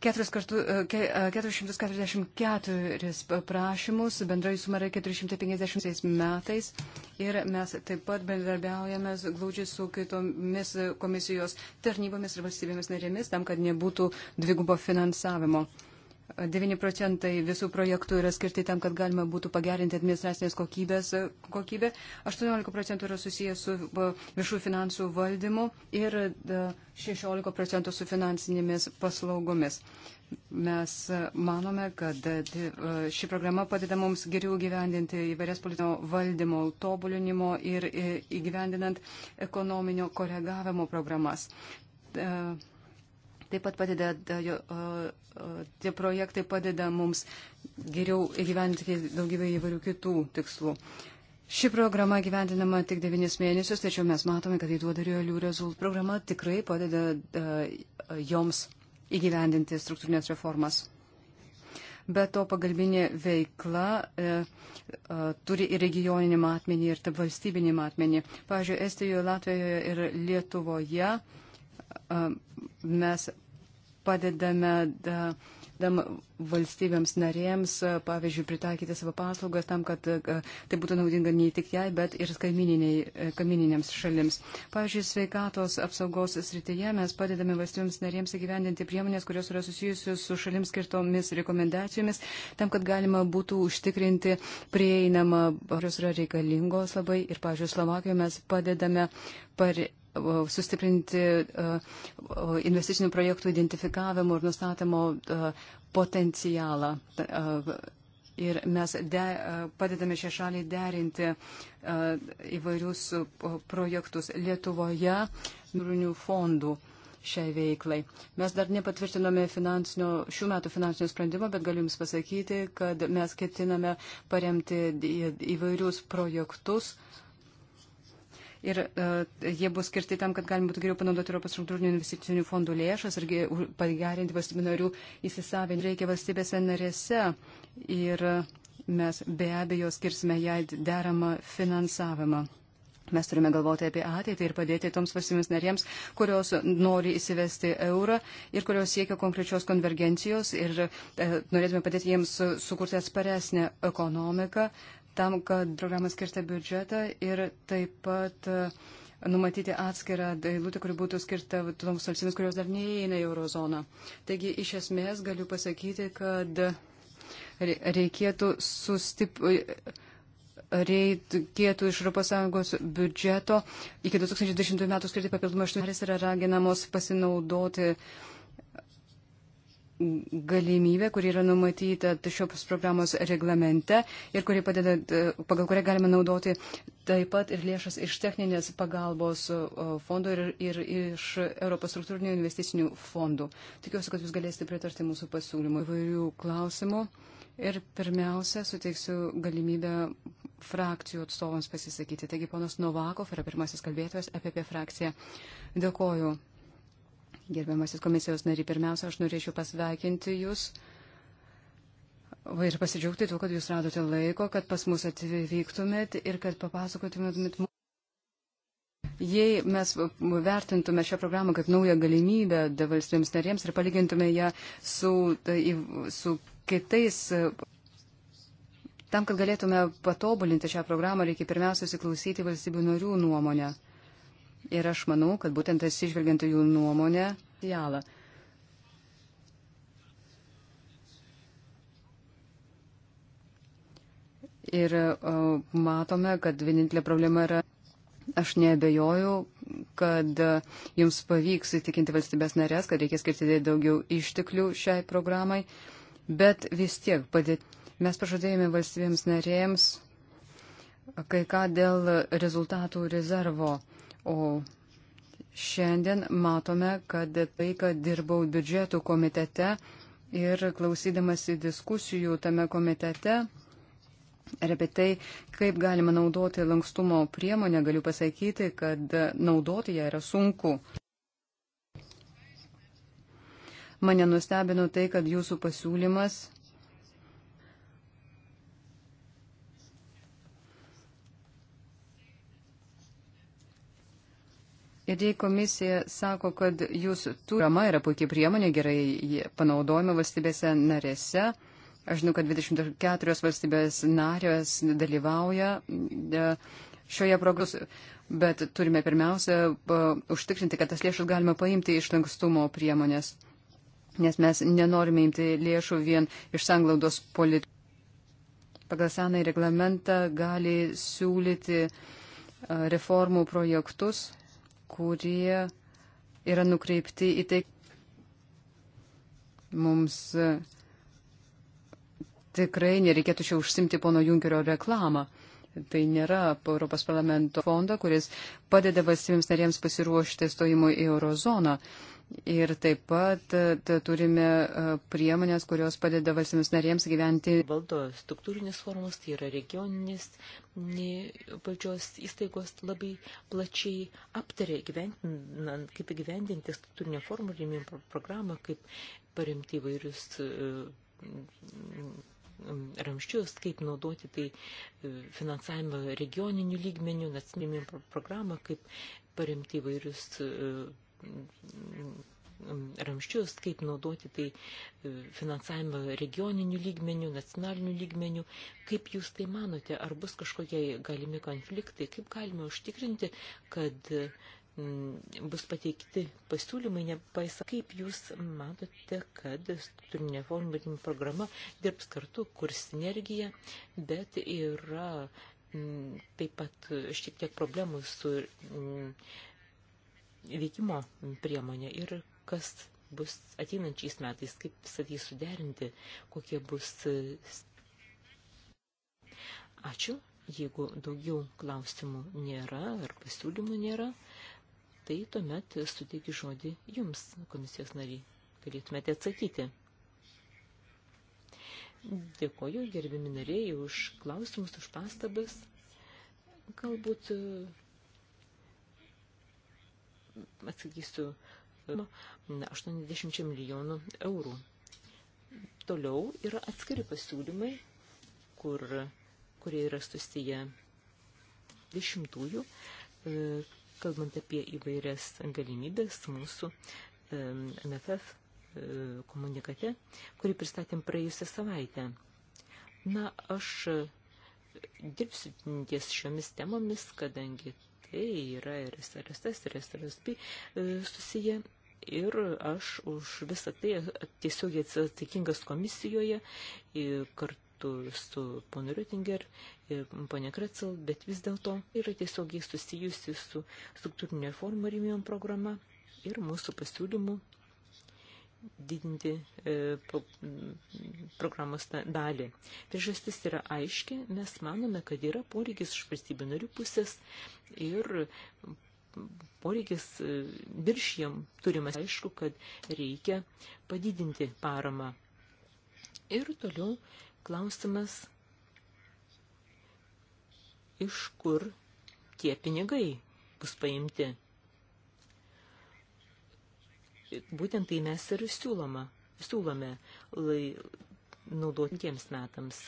444 e, e, prašymus, bendrai suma yra 450 metais ir mes taip pat bendradarbiaujame glaudžiai su kitomis komisijos tarnybomis ir valstybėmis narėmis tam, kad nebūtų dvigubo finansavimo. 9 procentai visų projektų yra skirti tam, kad galima būtų pagerinti administracinės kokybės kokybę, 18 procentų yra susijęs su viešų finansų valdymu ir 16 procentų su finansinėmis paslaugomis. Mes manome, kad ši programa padeda mums geriau gyvendinti įvairias politinio valdymo, tobulinimo ir įgyvendinant ekonominio koregavimo programas. Uh Taip pat padeda, tie projektai padeda mums geriau įgyventi daugybę įvairių kitų tikslų. Ši programa gyvendinama tik devynis mėnesius, tačiau mes matome, kad tai duoda realių rezultatų. Programa tikrai padeda joms įgyvendinti struktūrinės reformas. Be to pagalbinė veikla e, e, turi ir regioninį matmenį, ir valstybinį matmenį. Pavyzdžiui, Estijoje, Latvijoje ir Lietuvoje mes padedame valstybėms narėms, pavyzdžiui, pritaikyti savo paslaugas tam, kad tai būtų naudinga ne tik jai, bet ir kaimininiams šalims. Pavyzdžiui, sveikatos apsaugos srityje mes padedame valstybėms narėms įgyvendinti priemonės, kurios yra susijusios su šalims skirtomis rekomendacijomis, tam, kad galima būtų užtikrinti prieinamą, kurios yra reikalingos labai. Ir, pavyzdžiui, Slovakijoje mes padedame par sustiprinti e, investicinių projektų identifikavimo ir nustatymo e, potencialą. E, ir mes de, padedame šią šalį derinti įvairius projektus Lietuvoje, jūrinių fondų šiai veiklai. Mes dar nepatvirtinome šių metų finansinio sprendimo, bet galiu Jums pasakyti, kad mes ketiname paremti įvairius projektus, uh, ir uh, jie bus skirti tam, kad galima būtų geriau panaudoti Europos struktūrinių investicinių fondų lėšas ir pagerinti valstybių narių įsisavinimą. Reikia valstybėse narėse ir mes be abejo skirsime jai deramą finansavimą. Mes turime galvoti apie ateitį ir padėti toms valstybėms narėms, kurios nori įsivesti eurą ir kurios siekia konkrečios konvergencijos ir e, norėtume padėti jiems sukurti atsparesnę ekonomiką, tam, kad programą skirtą biudžetą ir taip pat e, numatyti atskirą dailutę, kuri būtų skirta toms valstybėms, kurios dar neįeina į eurozoną. Taigi, iš esmės, galiu pasakyti, kad reikėtų sustiprinti e, reikėtų iš ES biudžeto iki 2010 metų skirti papildomą aštuonis yra raginamos pasinaudoti uh, galimybė, kuri yra numatyta šios programos reglamente ir kuri padeda, pagal kurią galime naudoti taip pat ir lėšas iš techninės pagalbos fondo ir, ir iš Europos struktūrinių investicinių fondų. Tikiuosi, kad jūs galėsite pritarti mūsų pasiūlymų įvairių klausimų. Ir pirmiausia, suteiksiu galimybę frakcijų atstovams pasisakyti. Taigi, ponas Novakov yra pirmasis kalbėtojas apie, apie frakciją. Dėkoju. Gerbiamasis komisijos nariai, pirmiausia, aš norėčiau pasveikinti Jūs ir pasidžiaugti tuo, kad Jūs radote laiko, kad pas mus atvyktumėt ir kad papasakotumėt mums. Jei mes vertintume šią programą kaip naują galimybę valstybėms narėms ir palygintume ją su, su kitais. Tam, kad galėtume patobulinti šią programą, reikia pirmiausia įsiklausyti valstybių narių nuomonę. Ir aš manau, kad būtent atsižvelgiant jų nuomonę, jalą. Ir o, matome, kad vienintelė problema yra, aš nebejoju, kad jums pavyks įtikinti valstybės narės, kad reikės skirti daugiau išteklių šiai programai, bet vis tiek padėti. Mes pažadėjome valstybėms narėms kai ką dėl rezultatų rezervo. O šiandien matome, kad tai, kad dirbau biudžetų komitete ir klausydamasi diskusijų tame komitete, Ir apie tai, kaip galima naudoti lankstumo priemonę, galiu pasakyti, kad naudoti ją yra sunku. Mane nustebino tai, kad jūsų pasiūlymas Ir jei komisija sako, kad jūsų turama yra puikiai priemonė, gerai panaudojama valstybėse narėse, aš žinau, kad 24 valstybės narės dalyvauja e, šioje progros, bet turime pirmiausia e, užtikrinti, kad tas lėšas galima paimti iš lankstumo priemonės, nes mes nenorime imti lėšų vien iš sanglaudos politikų. Pagal senąjį reglamentą gali siūlyti e, reformų projektus kurie yra nukreipti į tai. Mums e, tikrai nereikėtų čia užsimti pono Junkerio reklamą. Tai nėra Europos parlamento fondo, kuris padeda valstybėms narėms pasiruošti stojimui į eurozoną. Ir taip pat e, turime e, priemonės, kurios padeda valstybėms narėms gyventi. Valdo struktūrinės formos, tai yra regioninės valdžios įstaigos labai plačiai aptarė, gyventinant, kaip įgyvendinti struktūrinę formą, rėmėjimų programą, kaip paremti įvairius e, ramščius, kaip naudoti tai e, finansavimą regioninių lygmenių, nacionalinį programą, kaip paremti įvairius e, ramščius, kaip naudoti tai e, finansavimą regioninių lygmenių, nacionalinių lygmenių. Kaip jūs tai manote, ar bus kažkokie galimi konfliktai, kaip galime užtikrinti, kad uh, Mm, bus pateikti pasiūlymai, nepaisa, kaip jūs matote, kad struktūrinė formulinė programa dirbs kartu, kur sinergija, bet yra m, mm, taip pat šiek tiek problemų su m, mm, veikimo priemonė ir kas bus ateinančiais metais, kaip visą tai suderinti, kokie bus. Ačiū. Jeigu daugiau klausimų nėra ar pasiūlymų nėra, tai tuomet suteikiu žodį jums, komisijos nariai. Galėtumėte atsakyti. Dėkoju, gerbimi nariai, už klausimus, už pastabas. Galbūt e, atsakysiu 80 e, milijonų eurų. Toliau yra atskiri pasiūlymai, kur, kurie yra susiję dešimtųjų e, kalbant apie įvairias galimybės mūsų MFF e, komunikate, kurį pristatėm praėjusią savaitę. Na, aš e, dirbsiu ties šiomis temomis, kadangi tai yra ir SRSS, ir SRSP e, susiję. Ir aš už visą tai tiesiogiai atsakingas komisijoje, kartu kartu su ponu Rötinger ir ponė Kretzel, bet vis dėlto yra tiesiogiai susijusi su struktūrinė reforma Rimion programa ir mūsų pasiūlymų didinti e, po, programos dalį. Priežastis yra aiški, mes manome, kad yra poreikis iš valstybių narių pusės ir poreikis e, virš jam turimas. Aišku, kad reikia padidinti paramą. Ir toliau klausimas, iš kur tie pinigai bus paimti. Būtent tai mes ir siūloma, siūlome lai, naudoti tiems metams.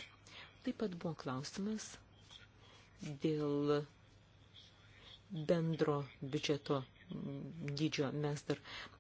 Taip pat buvo klausimas dėl bendro biudžeto dydžio. Mes dar